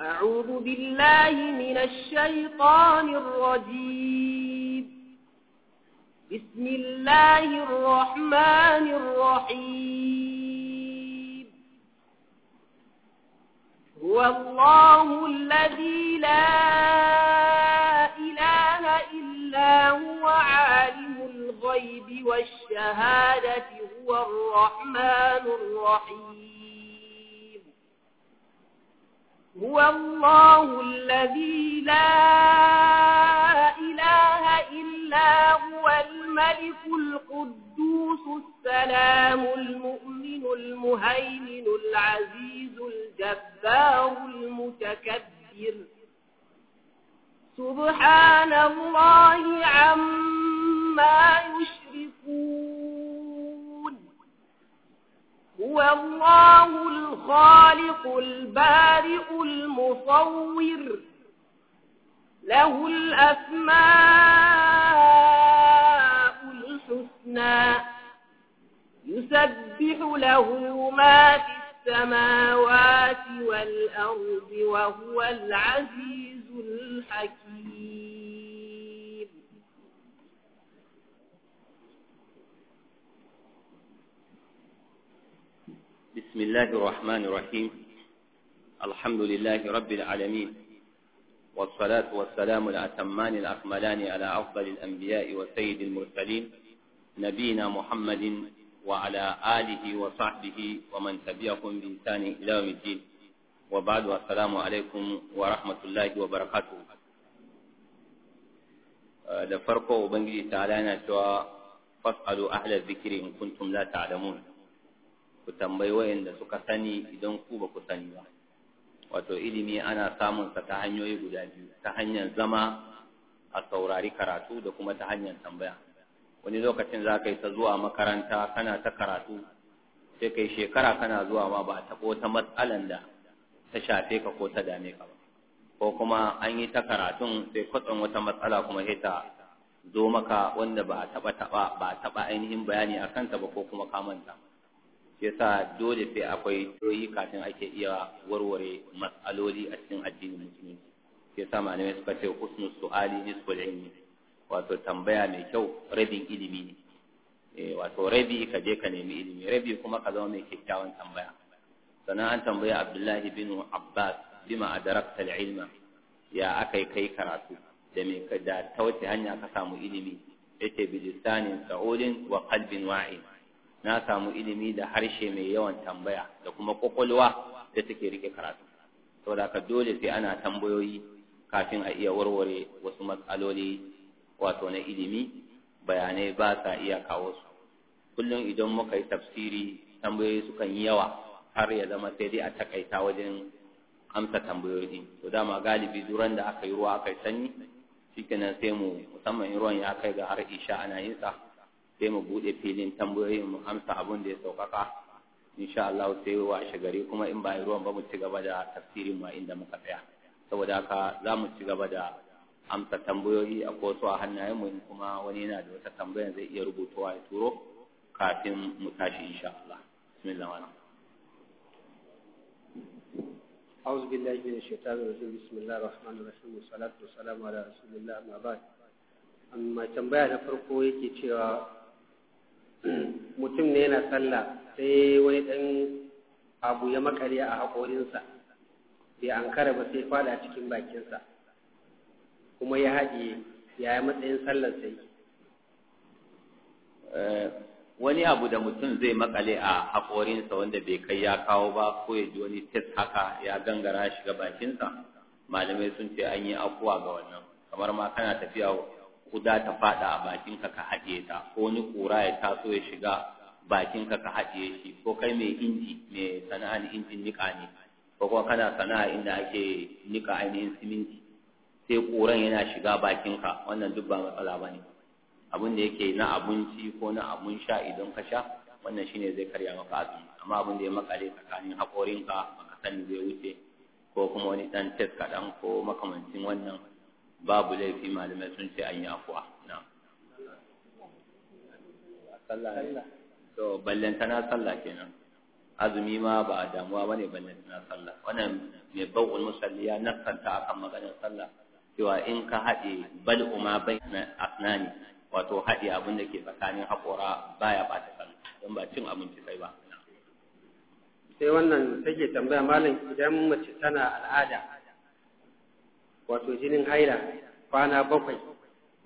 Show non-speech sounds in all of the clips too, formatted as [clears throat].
أعوذ بالله من الشيطان الرجيم بسم الله الرحمن الرحيم هو الله الذي لا إله إلا هو عالم الغيب والشهادة هو الرحمن الرحيم هو الله الذي لا إله إلا هو الملك القدوس السلام المؤمن المهيمن العزيز الجبار المتكبر سبحان الله عما يشركون هو الله الخالق البارئ المصور له الأسماء الحسنى يسبح له ما في السماوات والأرض وهو العزيز الحكيم بسم الله الرحمن الرحيم الحمد لله رب العالمين والصلاة والسلام الأتمان الأكملان على أفضل الأنبياء وسيد المرسلين نبينا محمد وعلى آله وصحبه ومن تبعهم بإنسان إلى يوم الدين وبعد السلام عليكم ورحمة الله وبركاته da آه، بنجي تعالى ta'ala yana cewa fas'alu ahla dhikri in ku tambayi wayanda suka sani idan ku ba ku sani ba wato ilimi ana samun sa ta hanyoyi guda biyu ta hanyar zama a saurari karatu da kuma ta hanyar tambaya wani lokacin za ka yi ta zuwa makaranta kana ta karatu sai kai shekara kana zuwa ma ba a ko ta matsalan da ta shafe ka ko ta dame ka ba ko kuma an yi ta karatun sai kwatsan wata matsala kuma sai ta zo maka wanda ba a taba ba a taba ainihin bayani a kanta ba ko kuma ka manta yasa dole sai akwai doyi kafin ake iya warware matsaloli a cikin addinin musulunci yasa malamai suka ce husnu su'ali nisbul ilmi wato tambaya mai kyau rabin ilimi ne eh, wato rabi ka je ka nemi ilimi rabi kuma ka zama mai kyakkyawan tambaya sannan an tambaya abdullahi bin abbas bima adarakta ilma ya akai kai karatu da me da ta wace hanya ka samu ilimi yace bi lisanin sa'ulin wa qalbin wa'in na samu ilimi da harshe mai yawan tambaya da kuma kwakwalwa da take rike karatu saboda haka dole sai ana tambayoyi kafin a iya warware wasu matsaloli wato na ilimi bayanai ba sa iya kawo su kullum idan muka yi tafsiri tambayoyi sukan yi yawa har ya zama sai dai a takaita wajen amsa tambayoyi to dama galibi duran da aka yi ruwa aka yi sanyi shikenan sai mu musamman ruwan ya kai ga har isha ana yin sa sai mu bude filin tambayoyin mu amsa abun da ya saukaka insha Allah sai wa gari kuma in ba ruwan ba mu ci gaba da tafsirin ma inda muka tsaya saboda haka za mu ci gaba da amsa tambayoyi a kosu a hannayen mu kuma wani yana da wata tambaya zai iya rubutuwa ya turo kafin mu tashi insha Allah bismillah أعوذ بالله من الشيطان الرجيم بسم الله الرحمن الرحيم والصلاة والسلام على رسول الله أما بعد أما تنبيه na farko yake cewa mutum ne yana sallah sai wani ɗan abu ya makare a haƙorinsa bai an kara ba sai fada cikin bakinsa kuma ya haɗe ya yi matsayin sallar sai eh, wani abu da mutum zai makale a haƙorinsa wanda bai kai ya kawo ba ko ya ji wani tes haka ya gangara shiga bakinsa malamai sun ce an yi afuwa ga wannan kamar ma kana tafiya kuda ta fada a bakinka ka haɗiye ta ko wani ƙura ya taso ya shiga bakinka ka haɗiye shi ko kai mai inji mai sana'an injin niƙa ne ko kuma kana sana'a inda ake niƙa ainihin siminti sai ƙuran yana shiga bakinka wannan duk ba matsala ba ne abin da yake na abinci ko na abun sha idan ka sha wannan shine zai karya maka azumi amma abin da ya makale tsakanin haƙorinka baka sani zai wuce ko kuma wani ɗan tes kaɗan ko makamancin wannan babu laifi malamai sun ce an yi afuwa na to ballantana sallah kenan azumi ma ba a damuwa bane ballantana sallah wannan mai bawul musalli ya nakanta akan maganar sallah cewa in ka haɗe bal ma bai asnani wato haɗe abin da ke tsakanin haƙora baya ba ta sallah don ba cin abinci kai ba sai wannan take tambaya malam idan mace tana al'ada wato jinin haila kwana bakwai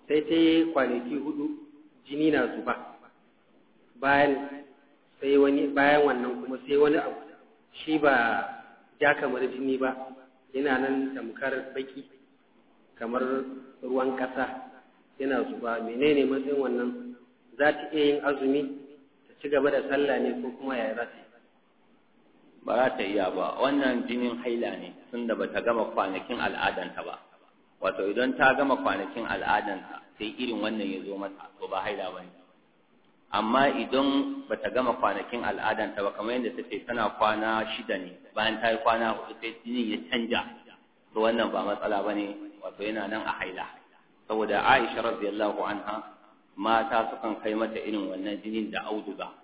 sai ta yi kwanaki hudu jini na zuba bayan sai wannan kuma sai wani abu shi ba ja kamar jini ba yana nan tamkar baki kamar ruwan kasa yana zuba menene matsayin wannan za ta iya yin azumi ta ci gaba da sallah ne ko kuma yaya za ta ba ta iya ba wannan jinin haila ne tunda bata gama kwanakin al'adanta ba wato idan ta gama kwanakin al'adanta sai irin wannan ya zo mata to ba haila ba ne amma idan bata gama kwanakin al'adanta ba kamar yadda ta ce tana kwana shida ne bayan ta yi kwana hudu sai jinin ya canja to wannan ba matsala ba ne wato yana nan a haila saboda aisha radiyallahu anha mata sukan kai mata irin wannan jinin da auduga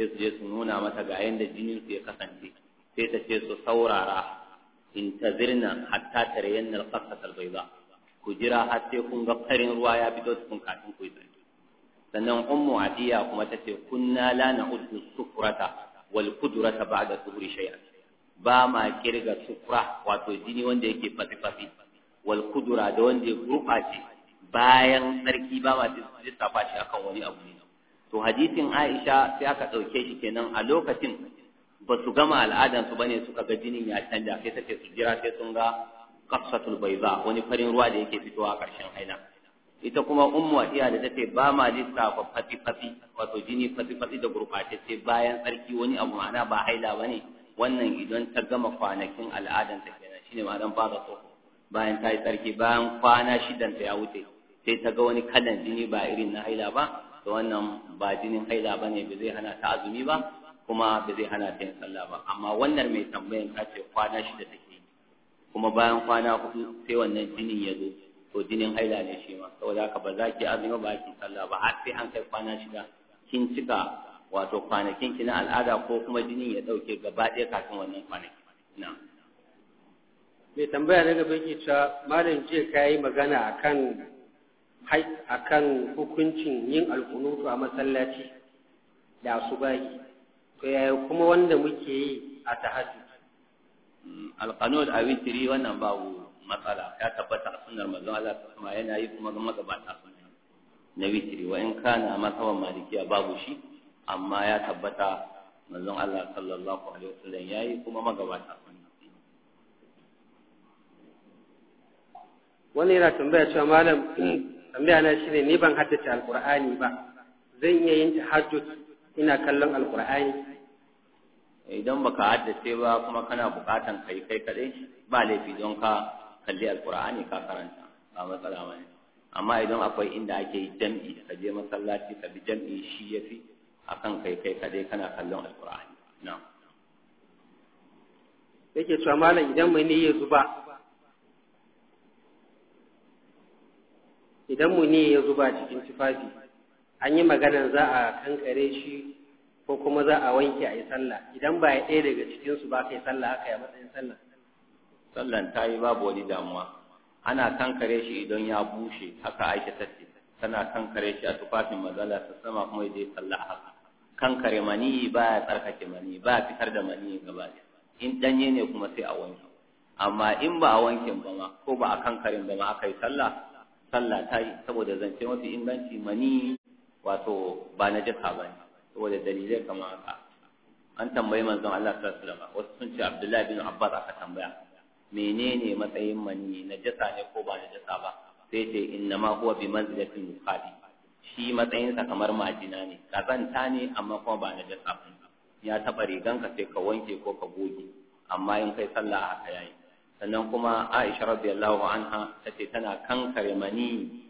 sai su je su nuna mata ga da jinin su ya kasance sai ta ce su saurara in zirna hatta tarayanna al-qasata al ku jira har sai kun ga farin ruwa ya fito cikin kafin ku yi sannan ummu adiya kuma ta ce kunna lana na'uddu sufrata wal qudrata ba'da suhuri shay'a ba ma kirga sufra wato jini wanda yake fasi fasi wal kudura da wanda ya gurbace bayan sarki ba ma lissafa shi akan wani abu ne to hadisin Aisha sai aka ɗauke shi kenan a lokacin ba su gama al'adansu ba ne suka ga jinin ya canja sai ta ce su jira sai sun ga kafsatul baiza wani farin ruwa da yake fitowa a ƙarshen ita kuma ummu atiya da tace ba ma lissafa fati fati wato jini fati fati da gurbatacce bayan tsarki wani abu mana ba haila bane wannan idan ta gama kwanakin al'adan ta kenan shine ma'anar ba so bayan ta yi tsarki bayan kwana shidan ta ya wuce sai ta ga wani kalan jini ba irin na haila ba to wannan ba jinin haila bane ba zai hana ta azumi ba kuma ba zai hana ta yin sallah ba amma wannan mai tambayan ta ce kwana da take kuma bayan kwana hudu sai wannan jinin ya zo to jinin haila ne shi ma saboda haka ba za ki azumi ba ki sallah ba har sai an kai kwana shida kin cika wato kwanakin ki na al'ada ko kuma jinin ya dauke gaba ɗaya kafin wannan kwanakin na. mai tambaya na gaba ke cewa malam jiya ka magana akan akan hukuncin yin alkunutu a masallaci da su asubahi to yaya kuma wanda muke yi a tahajjud hmm, alqanud a witri wannan babu matsala ya tabbata a sunnar manzon Allah kuma yana yi kuma ga magabata sunna na witri wa in kana masawan malikiya babu shi amma ya tabbata manzon Allah sallallahu alaihi wasallam yayi kuma magabata sunna wani yana tambaya cewa malam tambaya na shine ni ban haddace alqur'ani ba zan iya yin tahajjud ina kallon alqur'ani idan baka haddace ba kuma kana bukatan kai kai kadai ba laifi don ka kalli alqur'ani ka karanta ba matsala ne. amma idan akwai inda ake yi jam'i ka je masallaci ka bi jam'i shi yafi akan kai kai kadai kana kallon alqur'ani na'am yake cewa malam idan mai ne ya zuba idan mu ne ya zuba cikin tufafi an yi maganan za a kankare shi ko kuma za a wanke a yi sallah idan ba ya ɗaya daga cikinsu ba ka yi sallah haka ya matsayin sallah sallan ta yi babu wani damuwa ana kankare shi idan ya bushe haka aisha ta ce tana kankare shi a tufafin mazala ta sama kuma ya je sallah haka kankare mani ba ya tsarkake mani ba ya fitar da mani gaba in danye ne kuma sai a wanke amma in ba a wankin ba ma ko ba a kankarin ba ma aka yi sallah sallah ta yi saboda zance mafi inganci mani wato ba na jika ba ne saboda dalilai kamar haka an tambayi manzon Allah ta alaihi wasallam wasu sun ce Abdullahi bin Abbas aka tambaya menene matsayin mani na jasa ne ko ba na jasa ba sai ce inna ma huwa bi manzilatin muqadi shi matsayinsa kamar majina ne kazanta ne amma kuma ba na jasa ba ya taba riganka sai ka wanke ko ka goge amma in kai sallah haka yayi sannan kuma Aisha radiyallahu anha tace tana kankare mani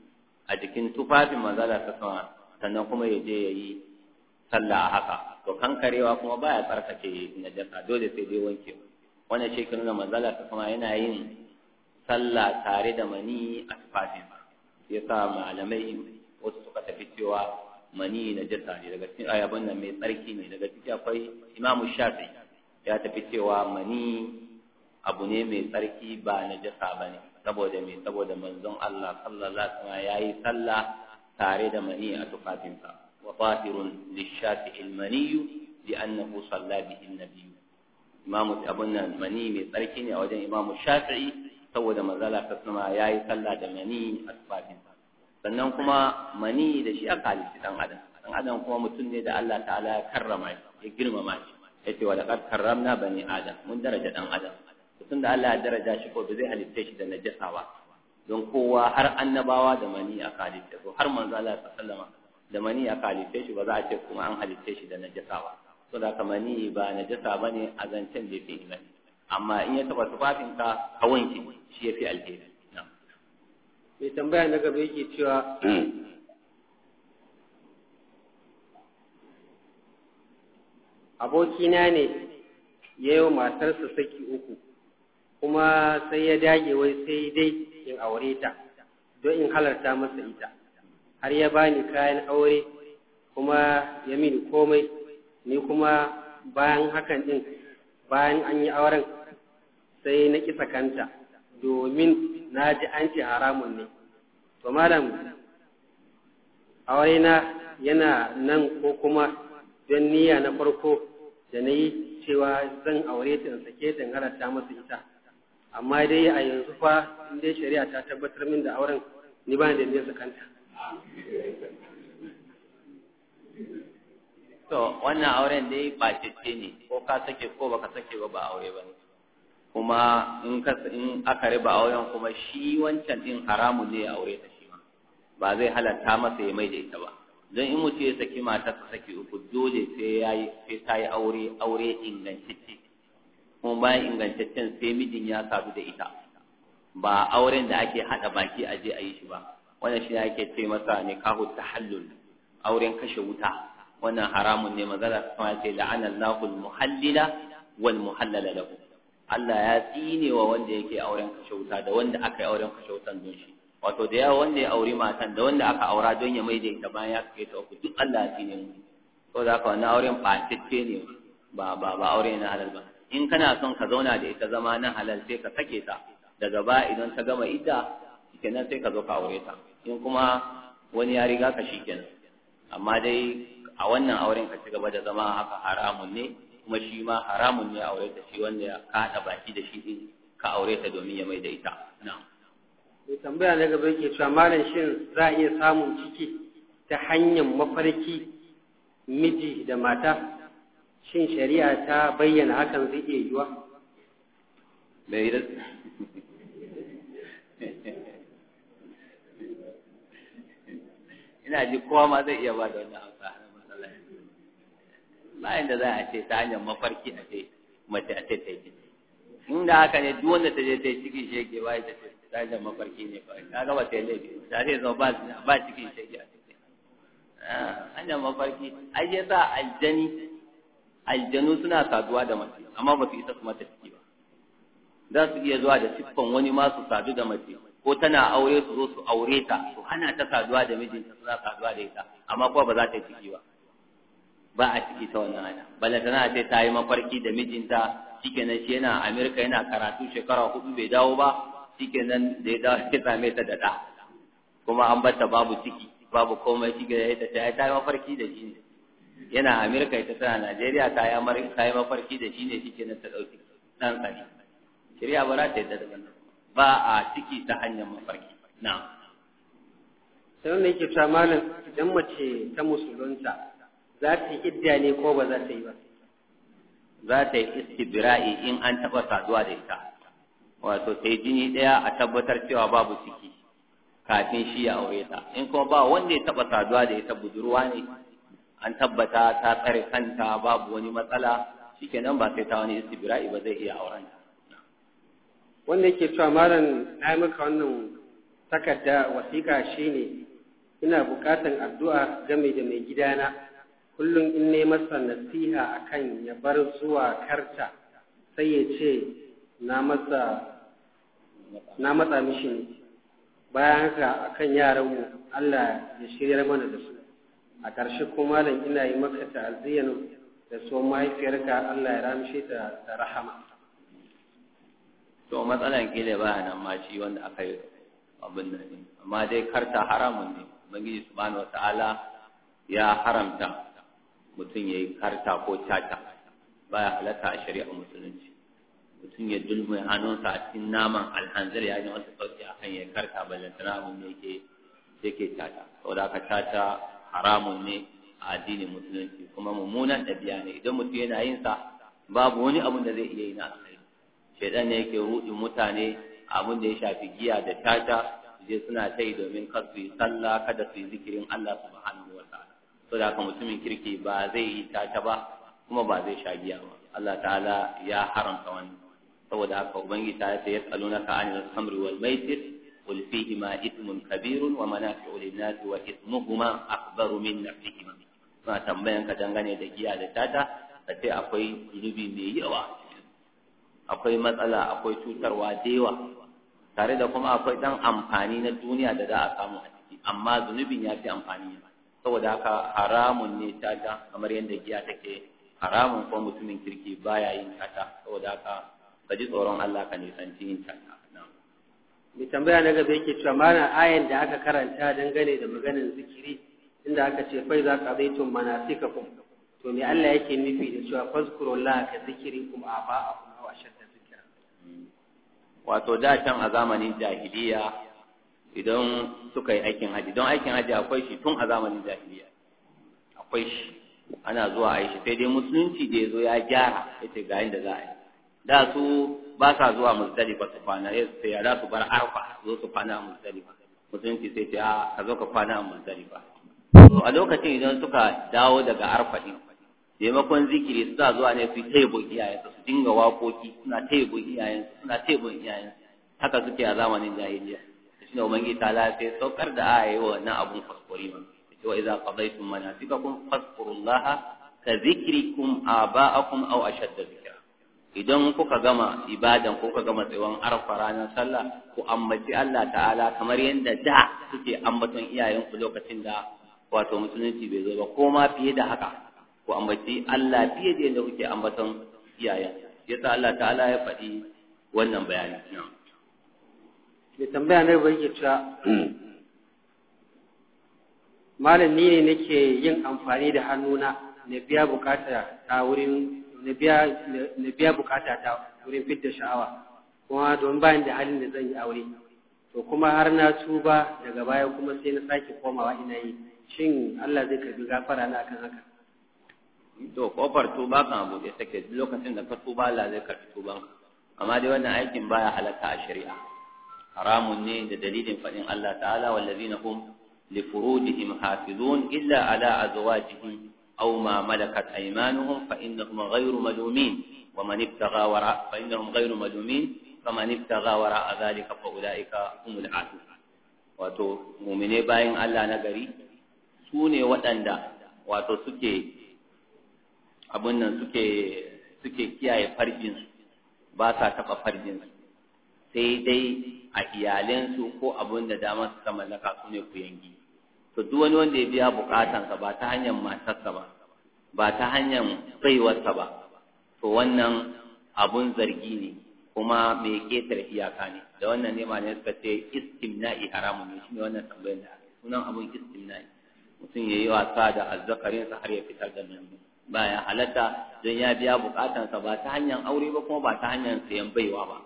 a jikin tufafin manzala ta sama sannan kuma ya je yayi sallah haka to kankarewa kuma baya tsarkake jaka dole sai dai wanke wannan shi kin nuna manzala ta sama yana yin sallah tare da mani a tufafin yasa malamai wasu suka tafi cewa mani jaka ne daga cikin ayaban nan mai tsarki ne daga cikin akwai Imam Shafi ya tafi cewa mani abu ne mai tsarki ba na jasa ba ne saboda mai saboda manzon Allah sallallahu alaihi ya yi sallah tare da mani a tufafinsa wa tahirun lishafi'il mani li'annahu salla bihi an-nabiy imamu abun nan mani mai tsarki ne a wajen imamu shafi'i saboda manzala ta sama ya yi sallah da mani a tufafinsa sannan kuma mani da shi aka halitta dan adam dan adam kuma mutum ne da Allah ta'ala ya karrama shi ya girmama shi yace wa laqad karramna bani adam mun daraja dan adam tunda Allah ya daraja shi ko ba zai halitta shi da najasa ba don kowa har annabawa da mani a halitta so har manzo Allah sallama da mani a halitta shi ba za a ce kuma an halitta shi da najasa ba so da ka mani ba najasa bane a zancen da yake imani amma in ya taba tufafin ka ka wanke shi yafi alheri mai tambaya na gaba yake cewa [clears throat] abokina ne ya yi matarsa saki uku kuma sai ya dage wai sai dai in aure ta don in halarta masa ita har ya bani kayan aure kuma ya mini komai ni kuma bayan hakan din bayan an yi auren sai na ƙi kanta domin na ji an ce haramun ne to malam aure na yana nan ko kuma don niyya na farko da na yi cewa zan aure ta in sake ta halarta masa ita amma dai a yanzu fa in dai shari'a ta tabbatar min da auren ni ba da nesa kanta to wannan auren dai ba cece ne ko ka sake ko baka sake ba ba aure ba ne kuma in ka in aka riba auren kuma shi wancan din haramun ne ya aure ta shi ma ba zai halatta masa ya mai da ita ba don in mutum ya saki ka saki uku dole sai ya yi sai ta yi aure aure ingantacce kuma bayan ingantaccen sai mijin ya sadu da ita ba auren da ake hada baki a je a yi shi ba wannan shi ake ce masa ne kahu tahallul auren kashe wuta wannan haramun ne magana kuma ce la'ana Allahu muhallila wal muhallala lahu Allah ya tsine wa wanda yake auren kashe wuta da wanda aka yi auren kashe wutan don shi wato da yawa wanda ya auri matan da wanda aka aura don ya maida ita bayan ya kai ta uku duk Allah ya tsine mu Ko da haka wannan auren fatacce ne ba ba ba auren na halal ba in kana son ka zauna da ita zama na halal sai ka sake ta daga ba idan ta gama idda kenan sai ka zo ka aure ta in kuma wani ya riga ka shikenan amma dai a wannan auren ka ci gaba da zama haka haramun ne kuma shi ma haramun ne aure ta shi wanda ka haɗa baki da shi din ka aure ta domin ya mai da ita na'am mai tambaya na gaba yake cewa malam shin za a iya samun ciki ta hanyar mafarki miji da mata shin shari'a ta bayyana hakan zai iya yiwa ina ji kowa ma zai iya ba da wannan hausa na matsala bayan da za a ce ta hanyar mafarki a ce mace a ce ta yi inda haka ne duk wanda ta je ta yi cikin shege, ba ya ce ta hanyar mafarki ne ba ka gaba ta yi laifi ta ce zama ba cikin shege a cikin ah, hanyar mafarki ai ya sa aljani aljanu suna saduwa da mace amma ba su isa su mata ciki ba za su iya zuwa da siffan wani ma su sadu da mace ko tana aure su zo su aure ta su hana ta saduwa da mijinta suna saduwa da ita amma kuma ba za ta ciki ba ba a ciki ta wannan hanya balle tana ce ta yi mafarki da mijinta shikenan shi yana Amerika yana karatu shekara hudu bai dawo ba shikenan da ya dawo ya same ta da da kuma an bata babu ciki babu komai shi ga ta ta yi mafarki da shi ne yana Amerika ita tana Najeriya ta yi mafarki da shi ne shi na ta ɗauki ɗan tsari Shirya ba za ta yadda da wannan ba a ciki ta hanyar mafarki na sai wanda yake ta malam idan mace ta musulunta za ta yi idda ne ko ba za ta yi ba za ta yi istibra'i in an taɓa saduwa da ita wato ta yi jini ɗaya a tabbatar cewa babu ciki kafin shi ya aure ta in kuma ba wanda ya taɓa saduwa da ita budurwa ne an tabbata ta tsare kanta babu wani matsala shikenan ba sai ta wani istibra'i ba zai iya auren wanda yake cewa maran na yi maka wannan takarda wasiƙa shine ina buƙatar addu'a game da mai gidana kullum in ne masa nasiha akan ya bar zuwa karta sai ya ce na matsa mishi ne bayan haka akan yaranmu Allah ya shirya mana da su a ƙarshe ko malam ina yi maka ta'aziyya da so mahaifiyarka Allah ya ramshe ta da rahama to matsalan kila ba nan ma shi wanda aka yi abin nan ne amma dai karta haramun ne ubangiji subhanahu wataala ya haramta mutum yayi karta ko tata baya halatta a shari'a musulunci mutum ya dulmu hannunsa a cikin naman alhanzir ya yi wata sauki akan ya karta ballantana abin da yake yake tata saboda aka tata haramun ne a addinin musulunci kuma mummunan ɗabi'a ne idan mutum yana yin sa babu wani abun da zai iya yi na alkhairi shaidan ne yake ruɗin mutane abun da ya shafi giya da tata je suna ta yi domin kar su yi sallah kada su yi zikirin Allah subhanahu wa ta'ala so da haka mutumin kirki ba zai yi tata ba kuma ba zai sha giya ba Allah ta'ala ya haramta wani saboda haka ubangiji ta yace yas'alunaka anil khamri wal maisir Wani fiye ma ismul kabiru wa mana ke wa ismu kuma asibarumin na fiye. Kuma tambayanka dangane da giya da tata da sai akwai zunubi mai yawa, akwai matsala, akwai cutarwa da yawa. Tare da kuma akwai ɗan amfani na duniya da za a samu a ciki. Amma zunubin ya fi amfani ne ba. Sau haka haramun ne tata kamar yadda giya take haramun ko mutumin kirki baya yin tata. Sau haka, ka tsoron Allah ka nisanci yin tata. mai tambaya na gaba yake cewa mana ayan da aka karanta dangane da maganin zikiri inda aka ce fai za ka zaitun manasikakum to me Allah yake nufi da cewa fazkurullah ka a kuma wa shadda zikira. wato da can a zamanin jahiliya idan suka yi aikin haji don aikin haji akwai shi tun a zamanin jahiliya akwai shi ana zuwa a yi shi sai dai musulunci da ya zo ya gyara ya ce ga yadda za a yi da su ba sa zuwa muzdalifa su kwana eh, ya da su bar arfa zo su kwana a muzdalifa musulunci sai ce a ah, ka zo ka kwana a muzdalifa to a lokacin idan suka dawo daga arfa din maimakon zikiri suna zuwa ne su taibo iyayensu su dinga wakoki suna taibo iyayensu suna taibo iyayensu haka suke a zamanin jahiliya shi ne ubangi ta lafi saukar da aya yi wa wannan abun fasfuri ma ce wa iza qadaytum manasikakum fadhkurullaha ka zikrikum aba'akum aw ashadda idan kuka gama ibadan kuka gama tsawon arfa ranar sallah ku ambaci Allah ta'ala kamar yadda da suke ambaton iyayenku lokacin da wato musulunci bai zo ba ko ma fiye da haka ku ambaci Allah fiye da yadda kuke ambaton iyayen yasa Allah ta'ala ya faɗi wannan bayani mai tambaya ne bai cewa ni ne nake yin amfani da hannuna na biya bukata ta wurin na biya bukata ta wurin fidda sha'awa kuma don bayan da halin da zan yi aure to kuma har na tuba daga baya kuma sai na sake komawa ina yi shin Allah zai karbi gafara na akan haka to kofar tuba kan abu da take lokacin da ka tuba Allah zai karbi tuban ka. amma dai wannan aikin baya halatta a shari'a haramun ne da dalilin fadin Allah ta'ala wallazina hum li furujihim hafizun illa ala azwajihim أو ما ملكت أيمانهم فإنهم غير ملومين ومن ابتغى وراء فإنهم غير ملومين فمن ابتغى وراء ذلك فأولئك هم العادون wato mumine bayan Allah na gari su ne waɗanda wato suke abin nan suke suke kiyaye farjinsu ba sa taɓa farjinsu sai dai a iyalinsu ko abin da dama suka mallaka su ne ku yangi to duk wani wanda ya biya bukatansa ba ta hanyar matarsa ba ba ta hanyar baiwarsa ba to wannan abun zargi ne kuma mai ketare iyaka ne da wannan ne ne suka ce istimna'i haramun ne shi ne wannan tambayar da ake sunan abun istimna'i mutum ya yi wasa da azzakarinsa har ya fitar da nan Ba ya halatta don ya biya bukatansa ba ta hanyar aure ba kuma ba ta hanyar sayan baiwa ba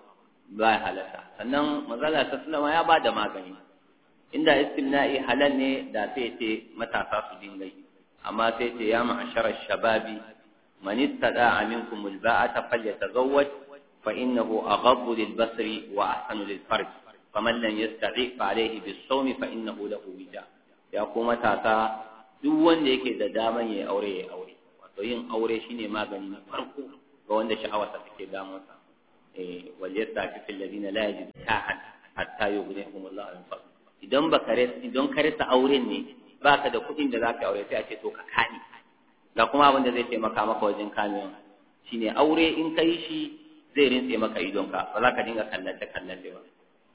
Ba ya halatta sannan matsala ta sunama ya ba da magani inda istimna'i halal ne da sai ce matasa su dinga amma sai ce ya ma'ashara shababi man istada'a minkum alba'ata falyatazawwaj fa innahu aghaddu lilbasari wa ahsanu lilfarj faman lam yastati' fa alayhi bis-sawmi fa innahu lahu wija ya ko matasa duk wanda yake da daman yayi aure yayi aure wato yin aure shine magani na farko ga wanda sha'awarsa take damunsa eh wal yastafi fil ladina la yajidun hatta yughnihum Allahu al idan ba kare idan kare sa auren ne baka da kuɗin da zaka aure sai a ce to ka kani da kuma abin da zai taimaka maka wajen kamewa shine aure in kai shi zai rinse maka idonka ba za ka dinga kallace kallace ba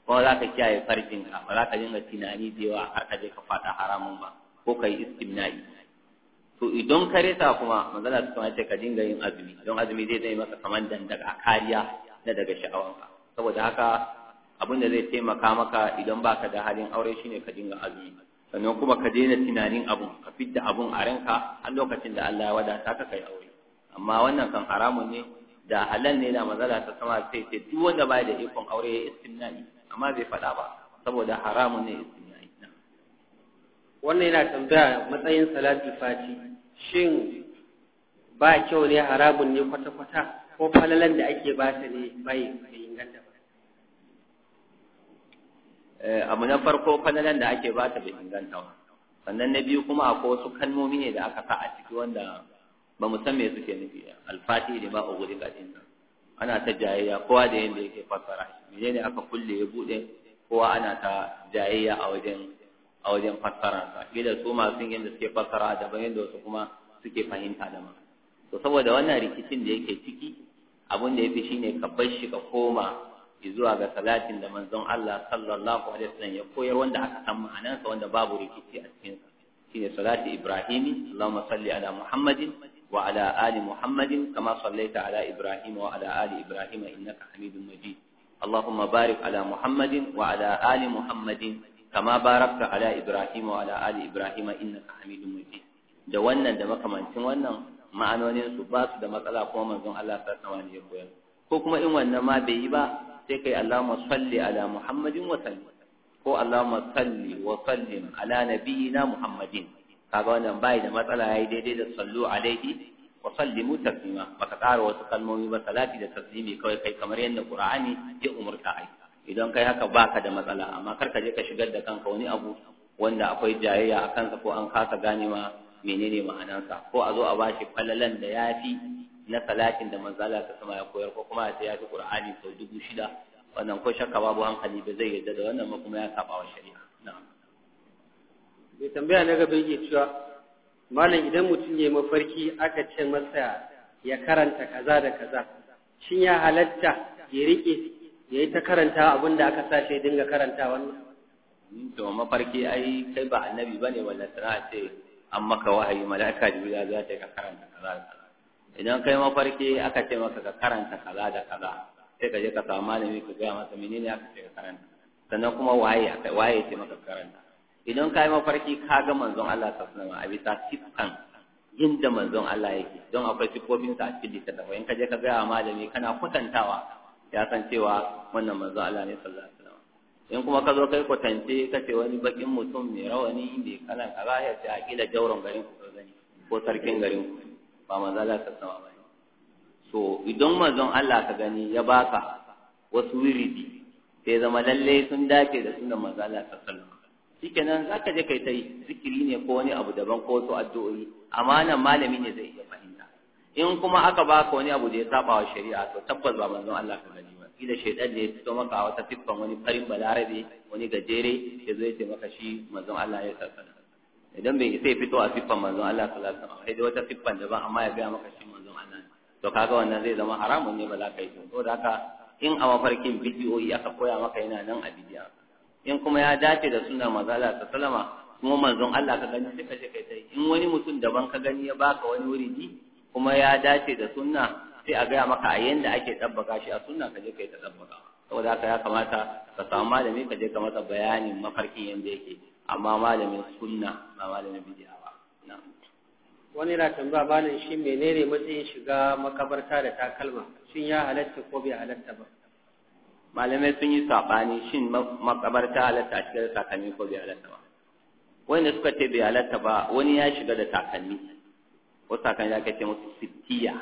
kuma za ka kiyaye ka ba za ka dinga tunani da yawa har ka je ka fada haramun ba ko ka yi istimna'i to idan ka resa kuma magana su kuma ce ka dinga yin azumi don azumi zai zai maka kamar daga kariya na daga sha'awanka saboda haka abin da zai taimaka maka idan baka da halin aure shine ka dinga azumi sannan kuma ka daina tunanin abun ka fidda abun a ranka a lokacin da Allah ya wadata ka kai aure amma wannan kan haramun ne da halal ne da mazala ta sama sai yi duk wanda baya da ikon aure ya istimna'i amma bai faɗa ba saboda haramun ne istimna'i wannan yana tambaya matsayin salati fati shin ba kyau ne haramun ne kwata-kwata ko falalan da ake ba ta ne bai Eh, abu na farko fanalan da ake ba ta bai inganta ba sannan na biyu kuma akwai wasu kalmomi ne da aka sa a ciki wanda ba mu san me suke nufi alfati da ba uguri kadin ana ta jayayya kowa da yanda yake fassara shi ne aka kulle ya bude kowa ana ta jayayya a wajen a wajen fassara sa kila su ma sun yanda suke fassara daban yanda wasu kuma suke fahimta ma to saboda wannan rikicin da yake ciki abin da yafi shine ka bar shi ka koma zuwa ga salatin da manzon Allah sallallahu alaihi wasallam ya koyar wanda aka san ma'anansa wanda babu rikici a cikin sa shine salati ibrahimi Allahumma salli ala muhammadin wa ala ali muhammadin kama sallaita ala ibrahim wa ala ali ibrahim innaka hamidum majid Allahumma barik ala muhammadin wa ala ali muhammadin kama barakta ala ibrahim wa ala ali ibrahim innaka hamidum majid da wannan da makamancin wannan ma'anonin su ba su da matsala kuma manzon Allah sallallahu alaihi wasallam ya koyar ko kuma in wannan ma bai yi ba sai kai Allahumma salli ala Muhammadin wa sallim ko Allahumma salli wa sallim ala nabiyyina Muhammadin kaga wannan bai da matsala yayi daidai da sallu alaihi wa sallimu taslima baka ƙara wasu kalmomi ba salati da taslimi kawai kai kamar yadda Qur'ani ya umurta ai idan kai haka baka da matsala amma kar ka je ka shigar da kanka wani abu wanda akwai jayayya a kansa ko an kasa ma menene ma'anarsa ko a zo a bashi falalan da yafi na salatin da manzo Allah ta sama ya koyar ko kuma ya fi Qur'ani sau dubu shida wannan ko shakka babu hankali ba zai yarda da wannan kuma ya saba wa shari'a na'am bai tambaya na gaba yake cewa malam idan mutum ya mafarki aka ce masa ya karanta kaza da kaza shin ya halatta ya rike ya yi ta karanta abin da aka sace dinga karanta wannan to mafarki ai kai ba annabi bane wannan sana'a ce an maka wahayi mala'ika jibril za ta ka karanta kaza da kaza idan kai mafarki aka ce maka ka karanta kaza da kaza sai ka je ka samu malami ka gaya masa menene aka ce ka karanta sannan kuma waye aka waye ce maka karanta idan kai mafarki ka ga manzon Allah ta alaihi a bisa sifan manzon Allah yake don akwai sifofin sa a cikin littattafai in ka je ka gaya malami kana kwatantawa ya san cewa wannan manzon Allah ne sallallahu alaihi in kuma ka zo kai kwatance ka ce wani bakin mutum mai rawani mai kalan kaza ya ce a kila jauron garin ku ko sarkin garin ku ba manzo Allah ka sama ba so idan mazan Allah ka gani ya baka wasu wiridi sai zama lalle sun dace da sunan maza Allah ta nan shikenan zaka je kai yi zikiri ne ko wani abu daban ko to addu'o'i amma malami ne zai iya fahimta in kuma aka baka wani abu da ya saba wa shari'a to tabbas ba manzon Allah ka gani ba kila shaidan da ya fito maka wata tiffan wani farin balarabe wani gajere ya zo ya ce maka shi manzon Allah ya sallallahu idan bai isa ya fito a siffan manzon Allah sallallahu alaihi wasallam sai dai wata siffan da ba amma ya ga maka shi manzon Allah to kaga wannan zai zama haramun ne ba za ka yi to da haka in a mafarkin bidiyoyi aka koya maka yana nan a bidiya in kuma ya dace da sunan manzon Allah sallallahu alaihi wasallam kuma manzon Allah ka gani sai ka je kai sai in wani mutum daban ka gani ya baka wani wuri ji kuma ya dace da sunna sai a gaya maka a yanda ake tabbaka shi a sunna ka je kai ta tabbaka saboda haka ya kamata ka samu malami ka je ka masa bayanin mafarkin yanda yake amma malamin sunna da na bid'a ba wani na tambaya malam shi menene matsayin shiga makabarta da takalma shin ya halatta ko bai halatta ba malamai sun yi sabani shin makabarta halatta a cikin takalmi ko bai halatta ba wanda suka ce bai halatta ba wani ya shiga da takalmi wasu takalmi aka ce musu sittiya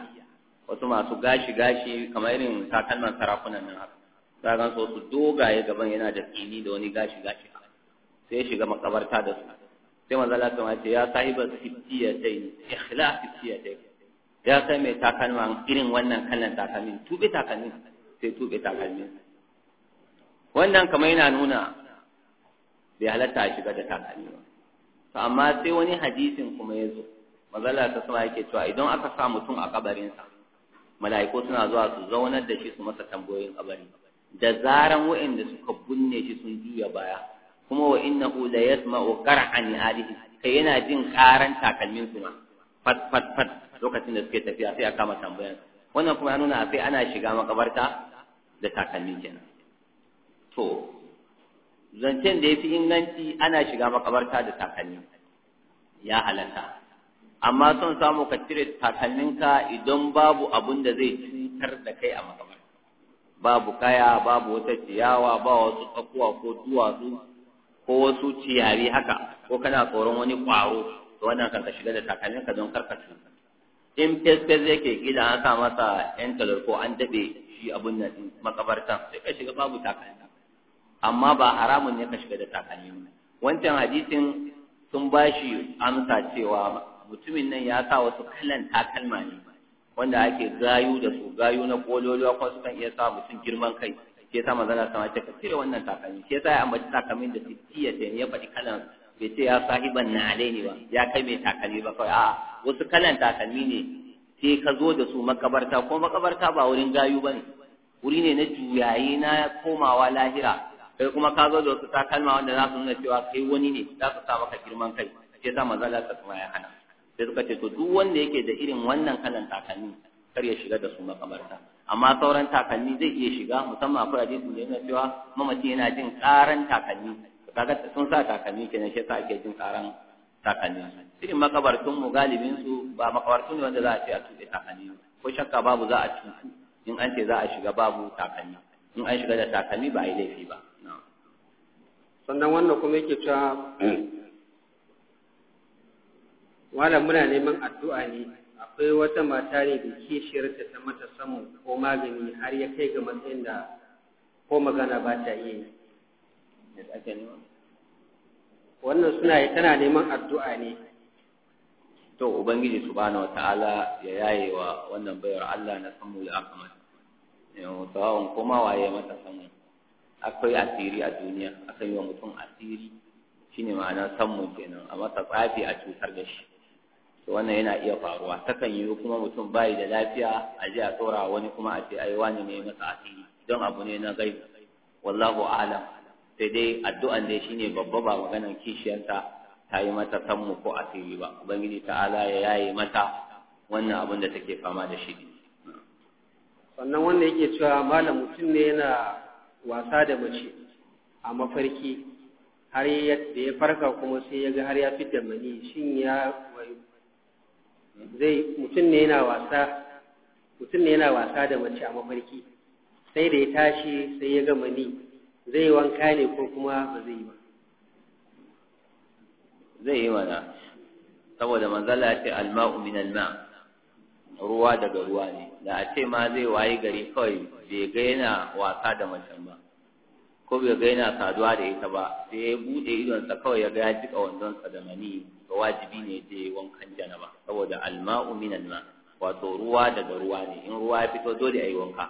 wasu masu gashi gashi kamar irin takalman sarakunan nan haka za su dogaye gaban yana da fili da wani gashi gashi sai shiga makabarta da su sai manzala ta mace ya sahiba sittiyatayn ikhlas sittiyatayn ya kai mai takalma irin wannan kallon takalmin tube takalmin sai tube takalmin wannan kamar yana nuna bai halatta a shiga da takalmin. to amma sai wani hadisin kuma ya zo mazala ta sama yake cewa idan aka sa mutum a kabarinsa mala'iku suna zuwa su zaunar da shi su masa tambayoyin kabari da zaran wa'anda suka bunne shi sun juya baya kuma wa innahu la yasma'u qara'an alihi kai yana jin karan takalmin su ma fat fat fat lokacin da suke tafiya sai a kama tambayar wannan kuma ya nuna sai ana shiga makabarta da takalmi kenan to zancen da yafi inganci ana shiga makabarta da takalmi ya halatta amma son samu ka cire takalminka idan babu abun da zai cutar da kai a makabarta babu kaya babu wata ciyawa ba wasu tsakuwa ko duwatsu ko wasu ciyari haka ko kana tsoron wani kwaro to wannan kan ka shiga da takalmin ka don karkashin? In in fesfes yake gida an sa masa yan ko an daɗe shi abun nan makabartan sai ka shiga babu takalmi amma ba haramun ne ka shiga da takalmi wancan hadisin sun ba shi amsa cewa mutumin nan ya sa wasu kalan takalma ne wanda ake gayu da su gayu na kololuwa kuma sukan iya sa mutum girman kai ke sa manzana sama ce ka cire wannan takalmi ke sa ya ambaci takalmin da sittiya ce ya faɗi kalan bai ce ya sahiban na alaini ba ya kai mai takalmi ba kawai a'a wasu kalan takalmi ne sai ka zo da su makabarta ko makabarta ba wurin gayu ba ne wuri ne na juyayi na komawa lahira kai kuma ka zo da wasu takalma wanda za su nuna cewa kai wani ne za su sa maka girman kai ke sa manzana sama ya hana sai suka ce to duk wanda yake da irin wannan kalan takalmi kar ya shiga da su makamarta amma sauran takalmi zai iya shiga musamman akwai hadisi da yana cewa mamaci yana jin karan takalmi kaga sun sa takalmi kenan shi yasa ake jin karan takalmi irin makabartun mu galibin su ba makabartun ne wanda za a ce a tuɗe takalmi ko shakka babu za a tuɗe in an ce za a shiga babu takalmi in an shiga da takalmi ba a yi laifi ba sannan wannan kuma yake cewa [clears throat] malam muna neman addu'a ne akwai wata mata ne da kishiyarta ta mata samun ko magani har ya kai ga matsayin da ko magana ba ta iya yi wannan suna yi tana neman addu'a ne to ubangiji subhanahu wata'ala ya yaye wa wannan bayar Allah na samu ya akamata tsawon kuma waye mata samu akwai asiri a duniya akan yi wa mutum asiri shine ma'ana samu kenan a mata tsafi a cutar da shi to wannan yana iya faruwa takan yiwu kuma mutum bai da lafiya a ji a tsora wani kuma a ce ai wani ne masa asiri don abu ne na gaibi wallahu a'lam sai dai addu'an dai shine babba ba maganar kishiyarta ta yi mata sammu ko asiri ba ubangiji ta'ala ya yaye mata wannan abin da take fama da shi sannan wanda yake cewa malam mutum ne yana wasa da mace a mafarki har da ya farka kuma sai ya ga har ya fitar mani shin ya zai mutum ne yana wasa da mace a mafarki sai da ya tashi sai ya gama ni zai yi wanka ne ko kuma ba zai yi ba zai yi mana saboda manzala ce alma'u min alma ruwa daga ruwa ne da a ce ma zai wayi gari kawai bai ga yana wasa da mace ba ko bai ga yana saduwa da ita ba sai ya bude idonsa kawai ya ga ya jika wandonsa da mani Ba wajibi ne zai wankan janaba saboda alma'u minan ma wato ruwa daga ruwa ne in ruwa ya fito dole ayi wanka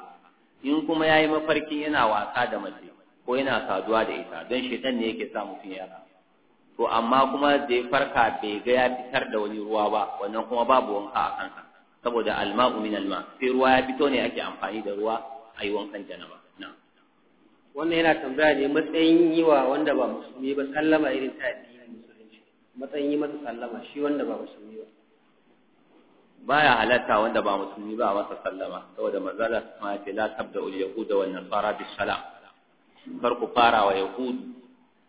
in kuma yayi mafarki yana wasa da mace ko yana saduwa da ita don shedan ne yake sa mutum ya to amma kuma da ya farka bai ga ya fitar da wani ruwa ba wannan kuma babu wanka a kansa saboda alma'u minan ma, sai ruwa ya fito ne ake amfani da ruwa a yi wankan janaba wannan yana tambaya ne matsayin yiwa wanda ba musulmi ba sallama irin ta matsayin yi masa sallama shi wanda ba musulmi ba baya halatta wanda ba musulmi ba masa sallama saboda manzala ma ce la tabda ul yahuda wa nasara bis salam kar ku fara wa yahud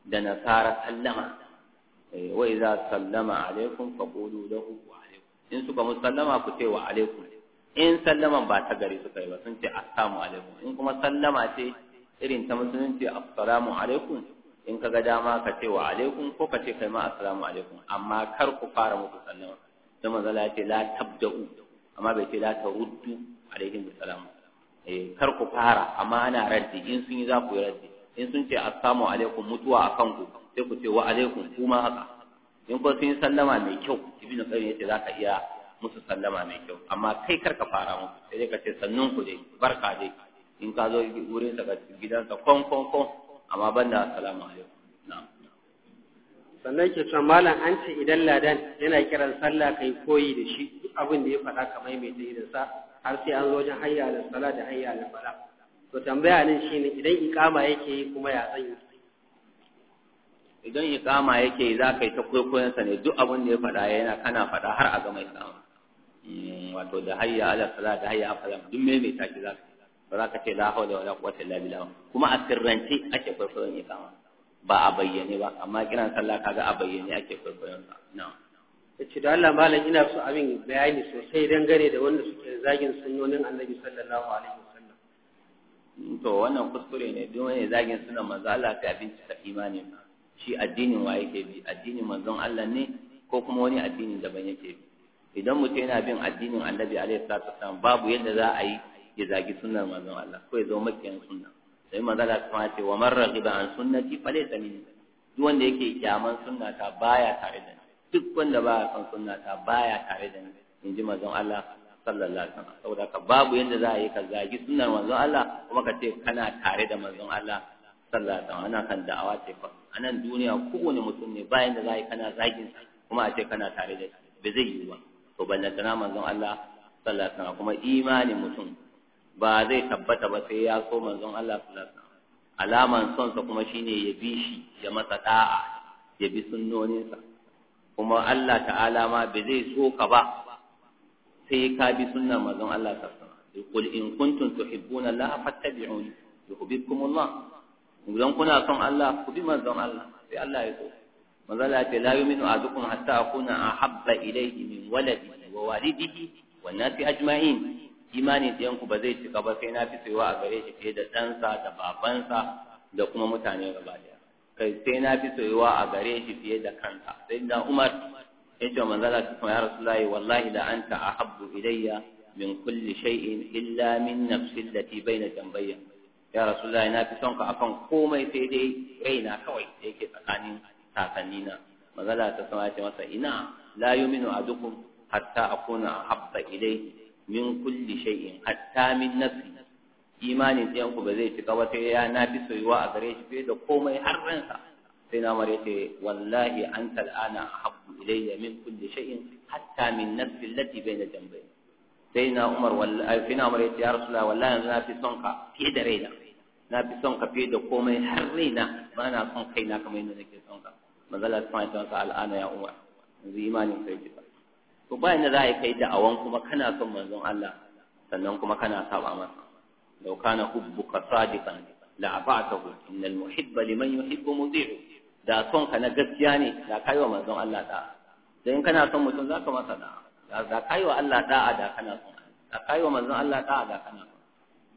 da nasara sallama wa idza sallama alaikum faqulu lahu wa alaikum in suka musallama ku ce wa alaikum in sallaman ba ta gari suka yi ba sun ce assalamu alaikum in kuma sallama ce irin ta musulunci assalamu alaikum in ka ga dama ka ce wa alaikum ko ka ce kai ma assalamu alaikum amma kar ku fara musu sallama sai manzo Allah ya ce la tabda'u amma bai ce la taruddu alaikum assalamu eh kar ku fara amma ana raddi in sun yi za ku yi raddi in sun ce assalamu alaikum mutuwa akan ku sai ku ce wa alaikum kuma haka in ko sun yi sallama mai kyau ibnu qayyim ya ce za ka iya musu sallama mai kyau amma kai kar ka fara mu sai ka ce sannun ku dai barka dai in ka zo wurin sa gidansa kon kon kon amma ban da assalamu alaikum na'am sannan ke cewa malam an ce idan ladan yana kiran sallah kai koyi da shi duk abin da ya faɗa mai tafi da sa har sai an zo wajen hayya da sala da hayya da fara. to tambaya nan shine idan iqama yake yi kuma ya zan idan iqama yake yi za ka yi ta kwaikwayon sa ne duk abin da ya faɗa yana kana faɗa har a gama iqama hmm, wato da hayya ala sala da hayya fala duk maimaita ki za ka ba za ka ce la hawla wala quwwata illa billah kuma a sirrance ake kwaikwayon kama. ba a bayyane ba amma kiran sallah kaga a bayyane ake kwaikwayon sa na'am yace da Allah malam ina so abin bayani sosai dangane da wanda suke zagin sunnonin Annabi sallallahu alaihi wasallam to wannan kuskure ne duk wani zagin sunan manzo Allah ka abinci ta imani shi addinin wa yake bi addinin manzon Allah ne ko kuma wani addinin daban yake bi idan mutum yana bin addinin Annabi alaihi salatu wasallam babu yadda za a yi ya zagi sunnar manzon Allah ko ya zama makiyan sunna sai manzon Allah kuma ce wa man raghiba an sunnati laysa minni duk wanda yake kyaman sunna ta baya tare da ni duk wanda baya son sunna ta baya tare da ni in ji manzon Allah sallallahu alaihi wasallam saboda ka babu yanda za a yi ka zagi sunnar manzon Allah kuma ka ce kana tare da manzon Allah sallallahu alaihi wasallam ana kan da'awa ce fa anan duniya kowane mutum ne bayan da za a yi kana zagin sa kuma a ce kana tare da shi ba zai yi ba to ballantana manzon Allah sallallahu alaihi wasallam kuma imanin mutum ba zai tabbata ba sai ya so manzon Allah sallallahu alaihi wasallam alaman son sa kuma shine ya bi shi ya masa da'a ya bi sa. kuma Allah ta'ala ma bai zai so ka ba sai ka bi sunnar manzon Allah sallallahu alaihi wasallam qul in kuntum tuhibbuna Allah fattabi'uni yuhibbukum Allah idan kuna son Allah ku bi manzon Allah sai Allah ya so manzon Allah ya ce la yu'minu ahadukum hatta akuna ahabba ilayhi min waladihi wa walidihi wan nasi ajma'in imanin ɗiyanku ba zai cika ba sai na fi tsayawa a gare shi fiye da ɗansa da babansa da kuma mutane gaba ɗaya kai sai na fi tsayawa a gare shi fiye da kansa sai da umar ya ce manzala ta kuma ya rasulahi wallahi da anta habbu ilayya min kulli shay'in illa min nafsi allati na jambayya ya rasulahi na fi son ka akan komai sai dai raina kawai da yake tsakanin kakannina manzala ta sama ya ce masa ina la yuminu adukum hatta a ahabba ilayhi min kulli shay'in hatta min nafsi imanin ɗayan ku ba zai cika ba sai ya na fi soyuwa a gare shi fiye da komai har ransa sai na mare ce wallahi an tal'ana habbu ilayya min kulli shay'in hatta min nafsi allati bayna jambai sai na umar wallahi sai na mare ce ya rasulullah wallahi yanzu na fi son ka fiye da raina na fi son ka fiye da komai har raina ba na son kaina kamar yadda nake son ka manzala ta fahimta al'ana ya umar yanzu imanin sai cika to ba inda za a yi kai da'awan kuma kana son manzon Allah sannan kuma kana saba masa law kana hubbuka sadiqan la afa'tahu innal muhibba liman yuhibbu mudhi'u da son ka na gaskiya ne da kaiwa manzon Allah da dan in kana son mutum zaka masa da da kaiwa Allah da'a da kana son da kaiwa manzon Allah da'a da kana son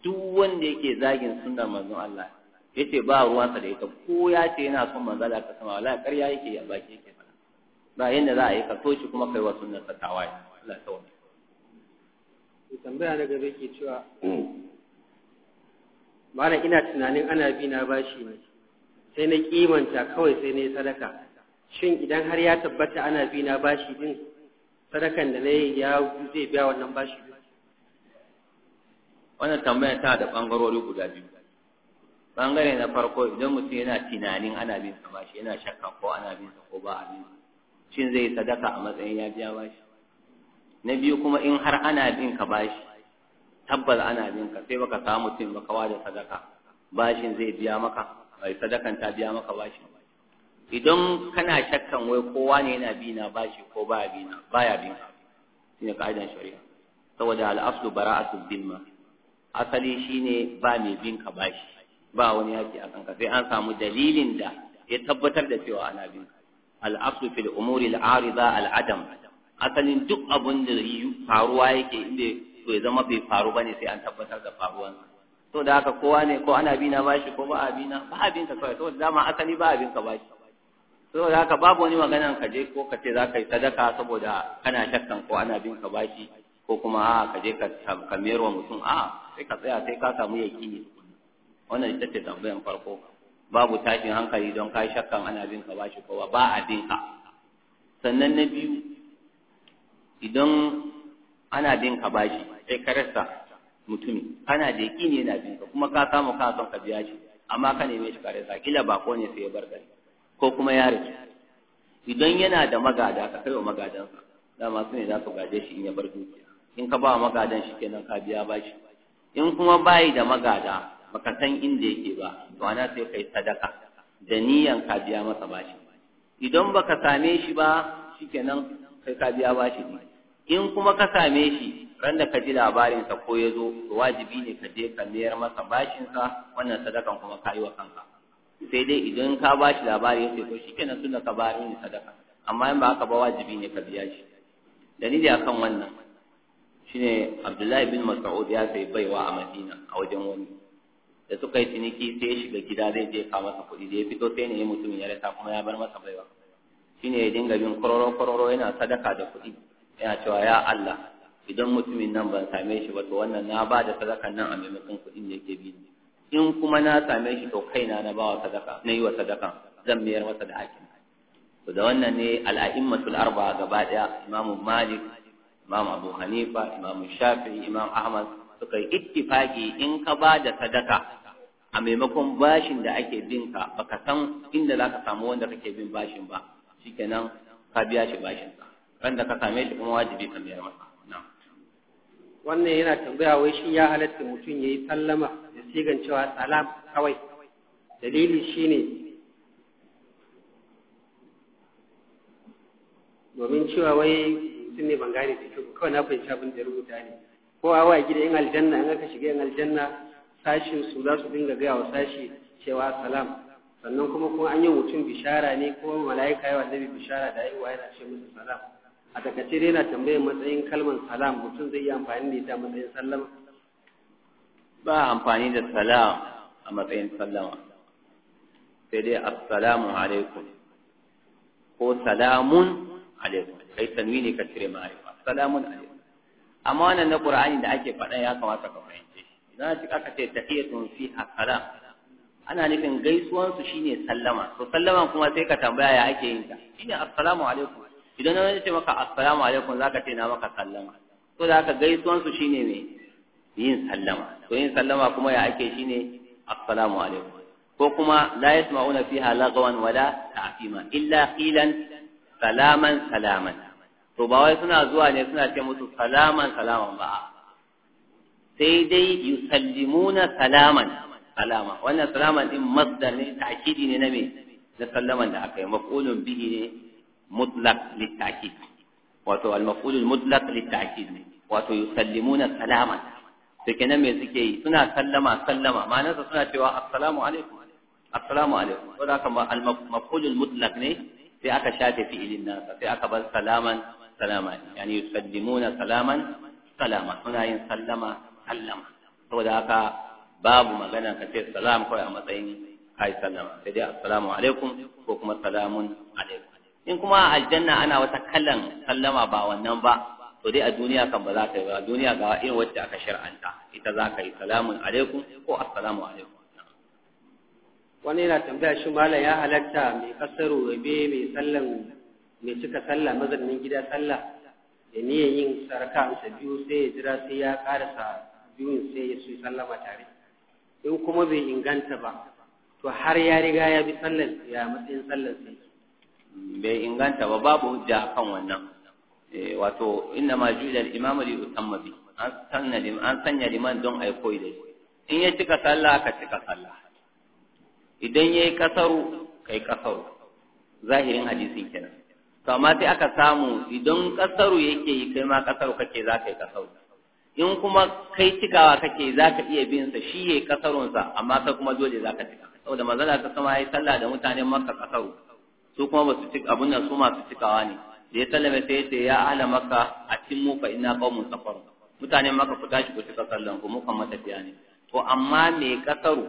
duk wanda yake zagin sunnar manzon Allah yace ba ruwansa da ita ko ya ce yana son manzon Allah ka sama wallahi ƙarya yake ya baki yake ba yanda za a yi ka shi kuma kai wa sunnar sa tawaye Allah ta wani to tambaya daga gaba ke cewa malam ina tunanin ana bi na bashi ne sai na kimanta kawai sai na sadaka shin idan har ya tabbata ana bi na bashi din sadakan da na yi ya zai biya wannan bashi din wannan tambaya ta da bangarori guda biyu bangare na farko idan mutum yana tunanin ana bin sa bashi yana shakka ko ana bin sa ko ba a bin sa shin zai sadaka a matsayin ya biya bashi na biyu kuma in har ana bin ka bashi tabbas ana bin ka sai baka samu tin baka wada sadaka bashin zai biya maka mai sadakan ta biya maka bashin idan kana shakkan wai kowa ne yana bi na bashi ko ya bi na baya bin ka shine ka'idan shari'a saboda al-aslu bara'atu dhimma asali shine ba mai bin ka bashi ba wani yaki a ka sai an samu dalilin da ya tabbatar da cewa ana bin ka al'aslu fil umuri al'arida al'adam asalin duk abin da yi faruwa yake inda to zama bai faru ba ne sai an tabbatar da faruwan to da haka kowa ne ko ana bina bashi ko ba a abina ba abin ka kawai da dama asali ba abin ka bashi to da haka babu wani magana ka je ko ka ce za ka yi sadaka saboda kana shakkan ko ana bin ka bashi ko kuma a ka je ka wa mutum a sai ka tsaya sai ka samu yaki ne wannan ita ce tambayan farko babu tashin hankali don ka shakkan ana bin ka bashi kowa ba a bin ka sannan na biyu idan ana bin ka bashi sai ka rasa mutumi kana da yaƙini yana bin ka kuma ka samu ka son ka biya shi amma ka neme shi ka rasa kila ba ko ne sai ya bar gari ko kuma ya rike idan yana da magada ka kai wa magadansa dama su ne za su gaje shi in ya bar dukiya in ka ba wa magadan shi kenan ka biya bashi in kuma bayi da magada baka san inda yake ba to ana sai kai sadaka da niyan ka biya masa bashi idan baka same shi ba shikenan kai ka biya bashi in kuma ka same shi ran da ka ji labarin sa ko yazo zo to wajibi ne ka je ka mayar masa bashin sa wannan sadakan kuma ka wa kanka sai dai idan ka bashi labari sai to shikenan sunna ka ba ni sadaka amma in ba haka ba wajibi ne ka biya shi dalili akan wannan shine Abdullahi bin Mas'ud ya sai baiwa a Madina a wajen wani da suka yi ciniki sai ya shiga gida zai je kawo masa kuɗi da ya fito sai ne ya mutumin ya rasa kuma ya bar masa baiwa shine ya dinga bin kororo kororo yana sadaka da kuɗi yana cewa ya Allah idan mutumin nan ban same shi ba to wannan na ba da sadakan nan a maimakon kuɗin da yake bi in kuma na same shi to kaina na ba wa sadaka na yi wa sadaka zan mayar masa da hakin to da wannan ne al'a'immatul arba gaba daya imamu malik imam abu hanifa imam shafi'i imam ahmad suka yi ittifaki in ka ba da sadaka a maimakon bashin da ake bin ka baka san inda za ka samu wanda kake bin bashin ba kenan ka biya shi bashin ran da ka same shi kuma wajibi ka biya masa wannan yana tambaya wai shi ya halatta mutum ya yi sallama da sigan cewa salam kawai dalili shine domin cewa wai mutum ne ban gane da kyau kawai na fahimci abin da rubuta ne ko a waye gida yan aljanna in aka shiga yan aljanna sashin su za su dinga gaya wa sashi cewa salam sannan kuma kuma an yi mutum bishara ne ko mala'ika yawa annabi bishara da yawa yana ce musu salam a takace dai na tambayar matsayin kalmar salam mutum zai yi amfani da ita matsayin sallama ba amfani da salam a matsayin sallama sai dai assalamu alaikum ko salamun alaikum kai tanwini ka cire ma'arifa salamun alaikum amma wannan na qur'ani da ake faɗa ya kamata ka fahimce shi idan aka ce taqiyatun fiha salam ana nufin gaisuwan su shine sallama to sallama kuma sai ka tambaya ya ake yin ta shine assalamu alaikum idan wani ce maka assalamu alaikum zaka ce na maka sallama to da haka gaisuwan su shine me yin sallama to yin sallama kuma ya ake shine assalamu alaikum ko kuma la yasma'una fiha lagwan wala ta'fima illa qilan salaman salaman to ba wai suna zuwa ne suna ce musu salaman salaman ba sai dai yusallimuna salaman salama wannan salaman din masdar ne ta'kidi ne na me na sallaman da aka yi maf'ulun bihi ne mutlaq litakid wato al-maf'ul al-mutlaq litakid ne wato yusallimuna salaman sai kenan me suke yi suna sallama sallama ma'anarsa suna cewa assalamu alaikum assalamu alaikum saboda haka al-maf'ul mutlaq ne sai aka shafe fi'ilin nasa sai aka bar salaman salama yani yusallimuna salaman salama suna yin sallama sallama saboda haka babu magana ka ce salam kawai a matsayin kai sallama sai dai assalamu alaikum ko kuma salamun alaikum in kuma aljanna ana wata kallon sallama ba wannan ba to dai a duniya kan ba za ka yi ba duniya ga irin wacce aka shar'anta ita za ka yi salamun alaikum ko assalamu alaikum wani yana tambaya shi malam ya halatta mai kasaro rabe mai sallan mai cika sallah mazanin gida sallah da niyan yin sarkansa biyu sai ya jira sai ya karasa biyun sai ya sui sallama tare in kuma bai inganta ba to har ya riga ya bi sallar ya matsayin sallar sai bai inganta ba babu hujja kan wannan eh, wato inna ma ju'ila al-imam li yutamma bi an sanna an sanya liman don ai koyi da shi in ya cika sallah ka cika sallah idan yayi kasaru kai kasaru zahirin hadisi kenan to amma sai aka samu idan kasaru yake yi kai ma kasaru kake za ka yi kasaru in kuma kai cikawa kake za ka iya bin sa shi yayi sa amma sai kuma dole za ka cika saboda manzala ta kuma yayi sallah da mutanen makka kasaru su kuma ba su cika abun nan su masu cikawa ne da ya sallame sai ya ce ya ala makka atimmu fa inna qaumun safar mutanen makka ku tashi ku cika sallan ku mu kan matafiya ne to amma me kasaru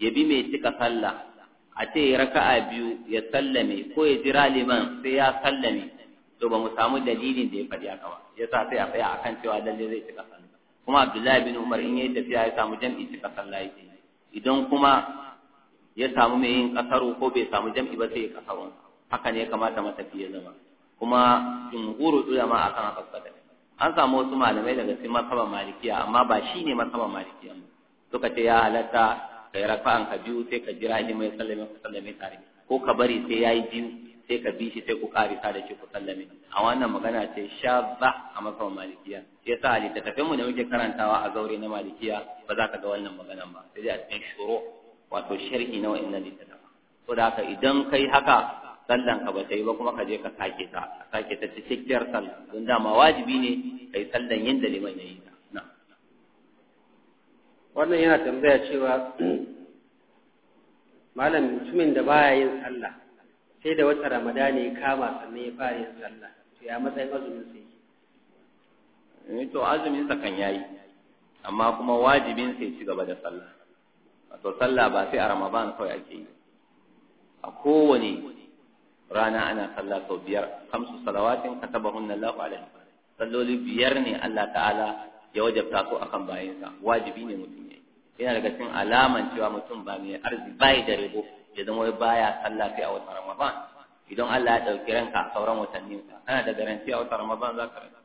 ya bi mai cika sallah a ce raka'a biyu ya sallame ko ya jira liman sai ya sallame to ba mu samu dalilin da ya faɗi haka ba yasa sai a tsaya akan cewa lalle zai cika sallah kuma Abdullahi bin Umar in ya yi tafiya ya samu jam'i cika sallah yake idan kuma ya samu mai yin kasaro ko bai samu jam'i ba sai ya kasaro haka ne ya kamata matafi ya zama kuma jumhuru ulama akan haka suka an samu wasu malamai daga cikin mazhaban malikiya amma ba shine mazhaban malikiya suka ce ya halatta ka yi rafa'an ka biyu sai ka jira shi mai sallame ku sallame tare ko ka bari sai ya yi biyu sai ka bi shi sai ku sa da shi ku sallame a wannan magana ce shabba a masa malikiya sai sa littattafin mu da muke karantawa a zaure na malikiya ba za ka ga wannan maganan ba sai dai a cikin shuru wato sharhi na littattafa to da haka idan kai haka sallan ka ba ta yi ba kuma ka je ka sake ta sake ta cikakkiyar sallah don dama wajibi ne kai sallan yadda liman ya yi ta wannan yana tambaya cewa [clears throat] malam mutumin da baya yin sallah sai da wata ramadani ya kama sannan ya fara yin sallah to ya matsayin azumin sai ni eh, to azumin sa kan yayi amma kuma wajibin sai ci gaba da sallah wato sallah ba sai a ramadan kawai ake yi a kowane rana ana sallah sau biyar kamsu salawatin katabahunna Allahu alaihi salloli biyar ne Allah ta'ala ya wajabta su akan bayinsa wajibi ne mutum yana daga cikin alaman cewa mutum ba mai arziki bai da rabo ya zama wai baya sallah sai a watan ramadan idan Allah ya dauki ranka a sauran watanni ana da garanti a watan ramadan za rasa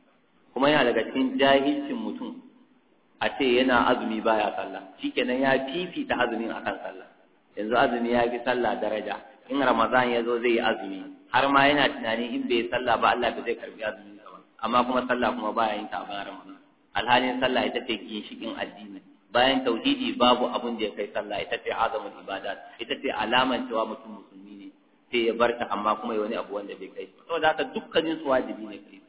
kuma yana daga cikin jahilcin mutum a ce yana azumi baya sallah shikenan ya fifita azumin akan sallah yanzu azumi ya fi sallah daraja in ramadan ya zo zai yi azumi har ma yana tunani in bai sallah ba Allah ba zai karbi azumin sa ba amma kuma sallah kuma baya yin ta a bayan ramadan alhalin sallah ita ce ginshikin addini bayan tauhidi babu abun da ya kai sallah ita ce azamul ibadat ita ce alaman cewa mutum musulmi ne sai ya barta amma kuma ya wani abu wanda bai kai saboda haka dukkanin su wajibi ne kai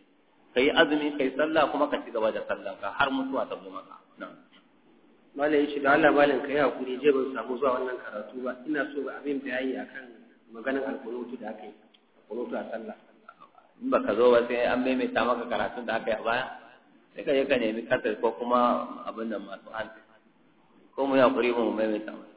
kai azumi kai sallah kuma ka ci gaba da Sallah ka har mutuwa ta zo maka malai shi da Allah malin kai hakuri je ban samu zuwa wannan karatu ba ina so ga abin da yayi akan maganar alkunutu da aka yi a sallah in baka zo ba sai an maimaita maka karatun da aka yi a baya sai ka yi ka nemi kasar ko kuma abin nan masu hankali ko mu yi hakuri mu maimaita mu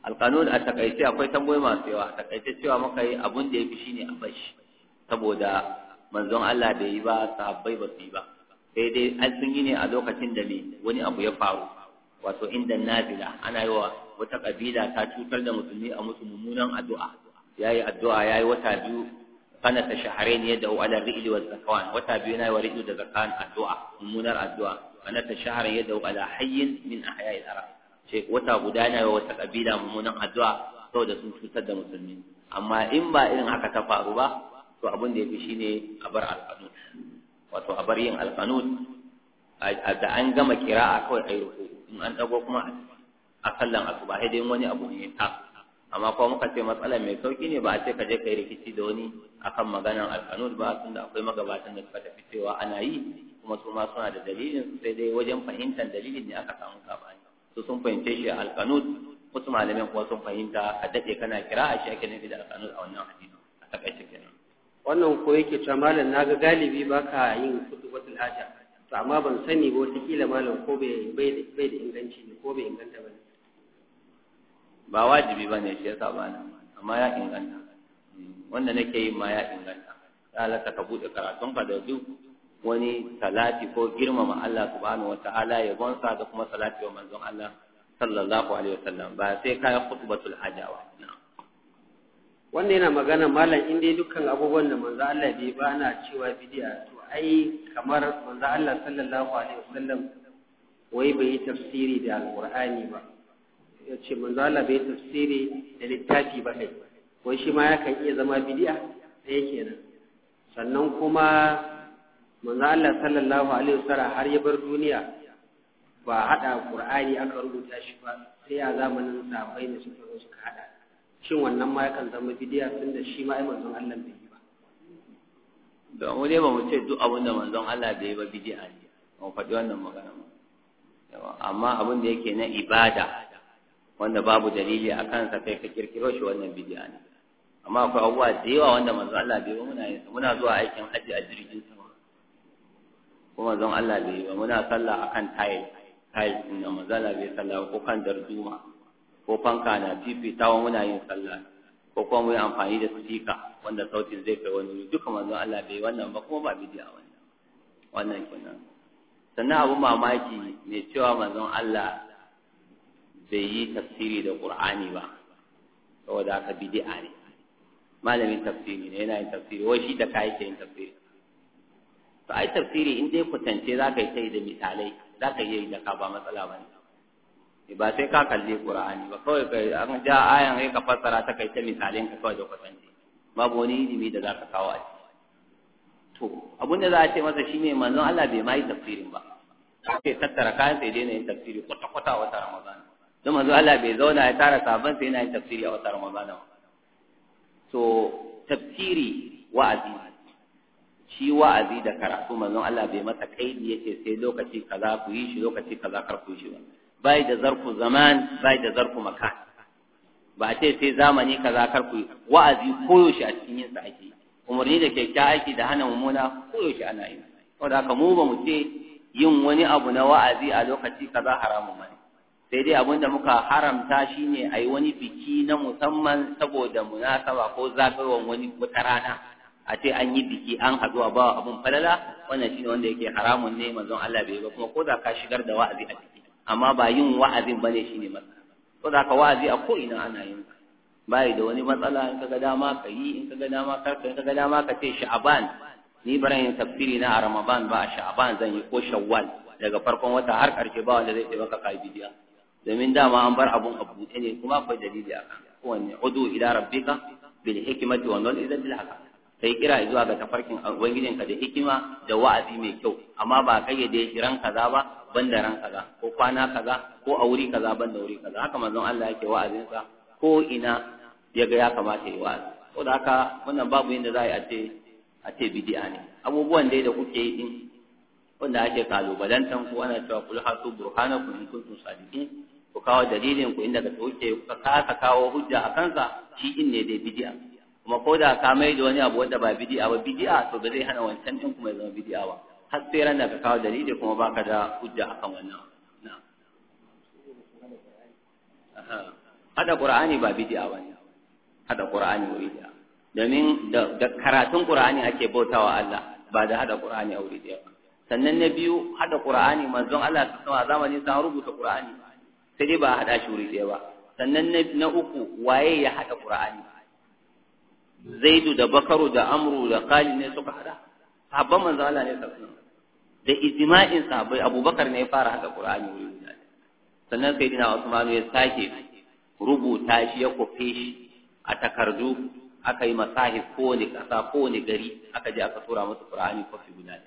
alƙanun a takaice akwai tambayi masu yawa a takaice cewa muka yi abun da yafi shine a bashi saboda manzon Allah bai yi ba sahabbai ba su yi ba sai dai an sun yi ne a lokacin da ne wani abu ya faru wato inda nazila ana yi wa wata ƙabila ta cutar da musulmi a musu mummunan addu'a Ya yi addu'a ya yi wata biyu kana ta shahare ne da wa'ala ri'li wa zakawan wata biyu na yi wa ri'li da zakawan addu'a mummunar addu'a ma'anarta shahar ya dau ala hayyin min ahya'i al-arab ce wata guda na wa wata kabila mummunan addu'a saboda sun cutar da musulmi amma in ba irin haka ta faru ba to abin da yafi shine a bar alqanut wato a bar yin alqanut da an gama kira'a kawai ayi ruku in an dago kuma a sallan asuba sai dai wani abu ne ta amma kuma muka ce matsalar mai sauki ne ba a ce ka je ka yi rikici da wani akan maganan alkanun ba tunda akwai magabatan da suka tafi cewa ana yi kuma su ma suna da dalilin sai dai wajen fahimtar dalilin ne aka samu bani su sun fahimce shi al alkanut wasu malamin kuma sun fahimta a daɗe kana kira a shi ake nufi da alkanut a wannan hadisi a takaice kenan wannan ko yake cewa malam naga galibi baka yin kutubatul haja to amma ban sani ba kila malam ko bai da inganci ne ko bai inganta ba ne ba wajibi ba ne shi ya saba nan amma ya inganta wanda nake yi ma ya inganta ya halatta ka buɗe karatunka da duk wani salati ko girmama Allah subhanahu ta'ala ya gonsa da kuma salati wa manzon Allah sallallahu alaihi wasallam ba sai kai khutbatul hajawa wannan yana magana malam in dai dukkan abubuwan da manzon Allah bai ba na cewa bid'a to ai kamar manzon Allah sallallahu alaihi wasallam wai bai tafsiri da alqur'ani ba yace manzon Allah bai tafsiri da littafi ba kai wai shi ma yakan iya zama bid'a sai kenan sannan kuma manzo Allah sallallahu alaihi wasallam har ya bar duniya ba hada Qur'ani aka rubuta shi ba sai a zamanin safai ne suka zo suka hada shin wannan ma yakan zama bidiya tunda shi ma ai manzo Allah bai yi ba da mu dai ba mu ce duk abin da manzon Allah bai yi ba bidiya ne ba mu faɗi wannan magana ba amma abin da yake na ibada wanda babu dalili a kansa kai ka kirkiro shi wannan bidiya ne amma akwai abubuwa da yawa wanda manzo Allah bai yi ba muna muna zuwa aikin haji a jirgin sama kuma zan Allah bai yi ba muna sallah akan tayil tayil din nan mazala bai sallah ko kan darduma ko fanka na fifitawa muna yin sallah ko kuma mu yi amfani da sika wanda sautin zai kai wani duka manzon Allah bai wannan ba kuma ba bidiya wannan wannan kenan sannan abu mamaki mai cewa manzon Allah bai yi tafsiri da Qur'ani ba saboda aka bidiya ne malamin tafsiri ne yana yin tafsiri wai shi da kai ke yin tafsiri to ai tafsiri in dai kutance za ka yi sai da misalai za ka yi da ka ba matsala ba ne eh, ba sai ka kalli qur'ani ba kawai kai, an ja ayan sai ka fassara ta kai ta misalin ka kawai da kutance babu wani ilimi da za ka kawo a to abun da za a ce masa shine manzon Allah bai ma yi tafsirin ba sai tattara kayan sai dai na yin tafsiri kwata kwata a wata ramadana don manzon Allah bai zauna ya tara sabon sai na yin tafsiri a wata ramadana to so tafsiri wa'azi shi wa'azi da karatu manzon Allah bai masa kaidi yake sai lokaci kaza ku yi shi lokaci kaza kar ku yi shi ba bai da zarfu zaman bai da zarfu maka. ba a ce sai zamani kaza kar ku yi wa'azi koyaushe a cikin yinsa ake umarni da kya aiki da hana mummuna koyaushe ana yi saboda haka mu ba mu ce yin wani abu na wa'azi a lokaci kaza haramun bane sai dai abinda muka haramta shine yi wani biki na musamman saboda munasaba ko zagarwan wani wata rana a ce an yi biki an haɗu a bawa abun falala wannan shine wanda yake haramun ne manzon Allah bai ba kuma ko da ka shigar da wa'azi a ciki amma ba yin wa'azin bane shine matsala ko da ka wa'azi a ko ina ana yin bai da wani matsala in kaga dama ka yi in kaga dama kar ka in kaga dama ka ce Sha'aban. ni barayin yin tafsiri na a ramadan ba a sha'ban zan yi ko shawwal daga farkon wata har karshe ba wanda zai ce maka kai bidiya domin dama an bar abun abu ne kuma akwai dalili akan kowanne udu ila rabbika bil hikmati wa nal idza bil haqq sai kira zuwa ga tafarkin ka da hikima da wa'azi mai kyau amma ba kayyade shi ran kaza ba banda ran kaza ko kwana kaza ko a wuri kaza banda wuri kaza haka manzon Allah yake sa, ko ina ya ga ya kamata yi wa'azi ko da haka wannan babu inda za a yi a ce a ne abubuwan dai da kuke yi din wanda ake kalubalantan ku ana cewa kul hasu burhanakum in kuntum sadiqin ku kawo dalilin ku inda ka kuke kuka ka kawo hujja a kansa shi in ne dai bid'a kuma ko da ka mai da wani abu wanda ba bid'a ba bid'a to ba zai hana wancan din kuma ya zama bid'a ba har sai ran da ka kawo dalili kuma baka da hujja akan wannan na hada qur'ani ba bid'a ba ne hada qur'ani ba bidi'a domin da karatun qur'ani ake bautawa Allah ba da hada qur'ani a wurin ɗaya ba sannan na biyu hada qur'ani manzon Allah ta sama zamanin sa rubuta qur'ani sai dai ba hada shi wurin ɗaya ba sannan na uku waye ya hada qur'ani zaidu da bakaru da amru da kali ne suka hada sahabban manzon Allah ne sallallahu alaihi da ijma'in sahabbai abubakar ne ya fara hada qur'ani wurin da sannan sayyidina usman ya sake rubuta shi ya kofe shi a takardu aka yi masahif kowane kasa kowane gari aka je aka tura musu qur'ani kofi guda ne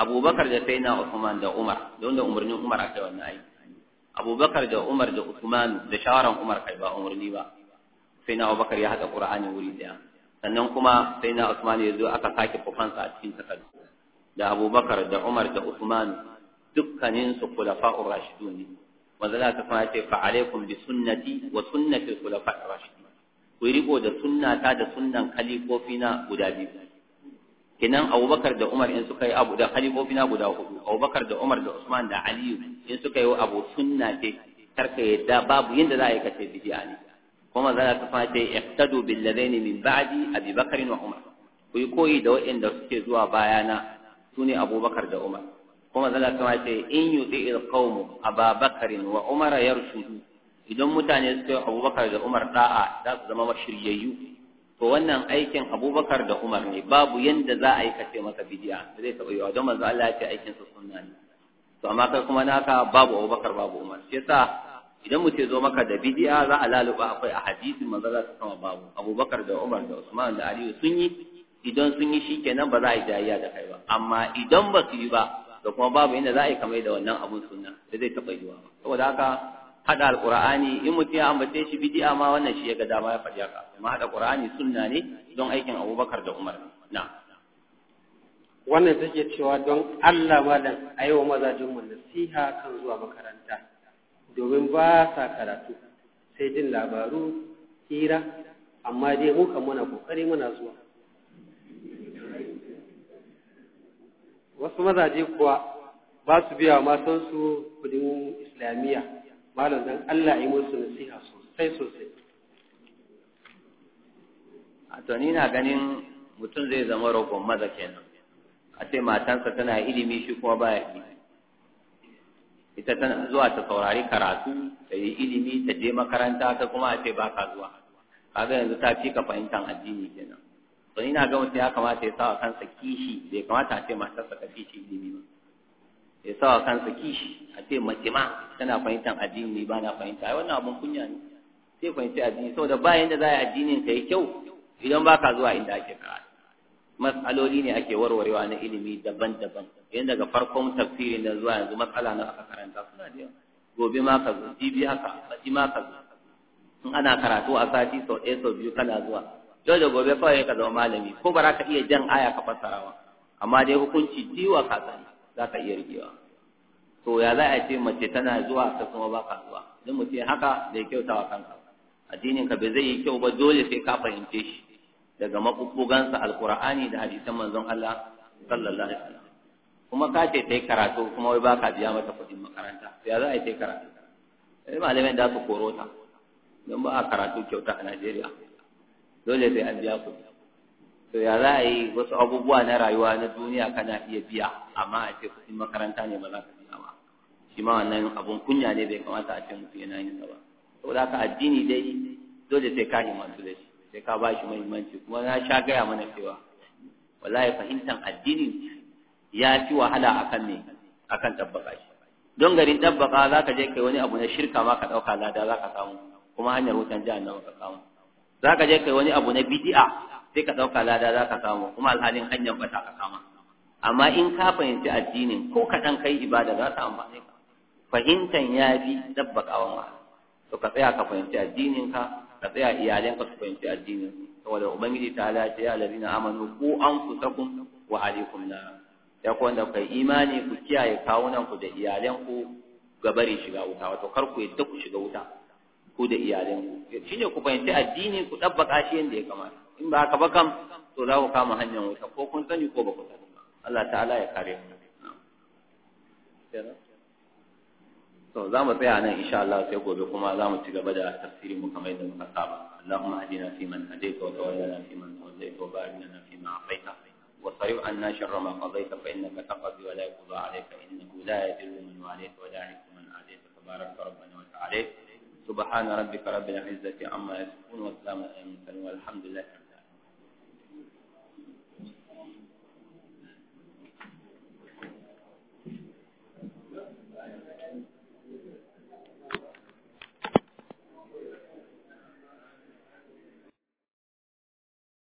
abubakar da na usman da umar da wanda umarnin umar aka yi wannan aiki abubakar da umar da usman da shawaran umar kai ba umarni ba sai na abubakar ya hada ƙura'ani wuri daya. sannan kuma sai na Usman ya zo aka sake kufansa a cikin takardu da Abubakar da Umar da Usman dukkanin su khulafa'ur rashidun ne wanda za ta fara ce fa alaikum bi sunnati wa sunnati khulafa'ir rashidun ku riko da sunnata da sunnan khalifofina guda biyu kenan Abubakar da Umar in suka yi abu da khalifofina guda hudu Abubakar da Umar da Usman da Ali in suka yi abu sunna ce karka yadda babu yadda za a yi kace bid'a ne kuma zan ka fata iqtadu bil ne min ba'di abi wa umar ku yi koyi da waɗanda suke zuwa bayana sune abubakar da umar kuma zan ka fata in yuti al qawm ababakar wa umar yarshudu idan mutane suke abubakar da umar da'a za su zama mashiryayyu to wannan aikin abubakar da umar ne babu yadda za a yi kace masa bidiya da zai taɓa wa don manzo Allah ya ce aikin sunna ne to amma kai kuma naka babu abubakar babu umar shi yasa idan mutum zo maka da bid'a za a laluba akwai a hadisi manzo za ta kama babu abubakar da umar da usman da aliyu sun yi idan sun yi shikenan ba za a yi jayayya da kai ba amma idan ba su yi ba da kuma babu inda za a yi kamar da wannan abun sunna da zai taba yiwa saboda haka hada alqur'ani in mutum ya ambace shi bid'a ma wannan shi yaga ga dama ya faɗi haka amma hada sunna ne don aikin abubakar da umar na wannan take cewa don Allah malam a yi wa nasiha kan zuwa makaranta domin ba sa karatu sai jin labaru hira amma dai mu kan muna kokari muna zuwa wasu mazaje kuwa ba su biya wa su kudin islamiyya malam dan Allah ya musu nasiha sosai sosai a to na ganin mutum zai zama rogon maza kenan a ce matansa tana ilimi shi kuma baya ilimi ita tana zuwa ta saurari karatu ta yi ilimi ta je makaranta ta kuma a ce ba ka zuwa kaga yanzu ta fi ka fahimtar addini kenan to ina ga mutum ya kamata ya sawa kansa kishi bai kamata a ce matarsa ka fi shi ilimi ba ya sawa kansa kishi a ce mace ma tana fahimtar addini ba na fahimta ai wannan abun kunya ne sai fahimci addini saboda bayan da za a yi addinin ka yi kyau idan ba ka zuwa inda ake karatu Matsaloli ne ake warwarewa na ilimi daban-daban yayin daga farkon tafsirin da zuwa yanzu matsala na aka karanta suna da yawa gobe ma ka zo jibi haka baci ma ka zo in ana karatu a sati sau ɗaya sau biyu kana zuwa yau da gobe kawai ka zama malami ko ba za ka iya jan aya ka fassarawa amma dai hukunci jiwa ka sani za ka iya rigewa to ya za a ce mace tana zuwa ka kuma ba ka zuwa idan mutum haka da ya kyautawa kanka addinin ka bai zai yi kyau ba dole sai ka fahimce shi daga makukugansa alkur'ani da hadisan manzon Allah sallallahu alaihi wasallam kuma ka ce tai karatu kuma wai baka biya mata kuɗin makaranta ya za a yi tai karatu sai eh, malamin da su koro ta don ba a karatu kyauta a Najeriya dole sai an biya kuɗi to ya za a yi wasu abubuwa na rayuwa na duniya kana iya biya amma a ce kuɗin makaranta ne ba za ka biya ba shi ma wannan abun kunya ne bai kamata a ce mutum yana yin sa ba saboda haka addini dai dole sai ka himmatu da shi sai ka bashi muhimmanci kuma na sha gaya mana cewa wallahi fahimtar addini ya ci wahala akan ne akan tabbaka shi don garin tabbaka ka je kai wani abu na shirka ma ka dauka lada za ka samu kuma hanyar wutan jahannama ka samu ka je kai wani abu na bid'a sai ka dauka lada za ka samu kuma alhalin hanyar bata ka kama amma in ka fahimci addinin ko kaɗan kai ibada za ta amfane ka fahimtan ya fi dabbakawan ma to ka tsaya ka fahimci addininka ka tsaya iyalanka su fahimci addinin saboda ubangiji ta halace ya ladina amanu ku sakun wa alaikum na ya ku wanda kai imani ku kiyaye kawunan ku da iyalanku gabarin shiga wuta wato kar ku yadda ku shiga wuta ku da iyalanku ne ku fahimci addini ku ɗabbaka shi yadda ya kamata in ba haka ba kam to za ku kama hanyar wuta ko kun sani ko ba ku sani Allah ta'ala ya kare ku to za mu tsaya nan insha Allah sai gobe kuma za mu ci gaba da tafsirin mu kamar yadda muka saba Allahumma hadina fi man hadaita wa tawallana fi man tawallaita wa barik lana fi ma afaita wa sarif anna sharra ma qadaita fa innaka taqdi wa la yuqda alayka innahu la yadhillu man walayta wa la yuhlikku man adayta tabarak rabbana wa ta'ala سبحان ربك رب العزة عما يصفون وسلام على المرسلين والحمد لله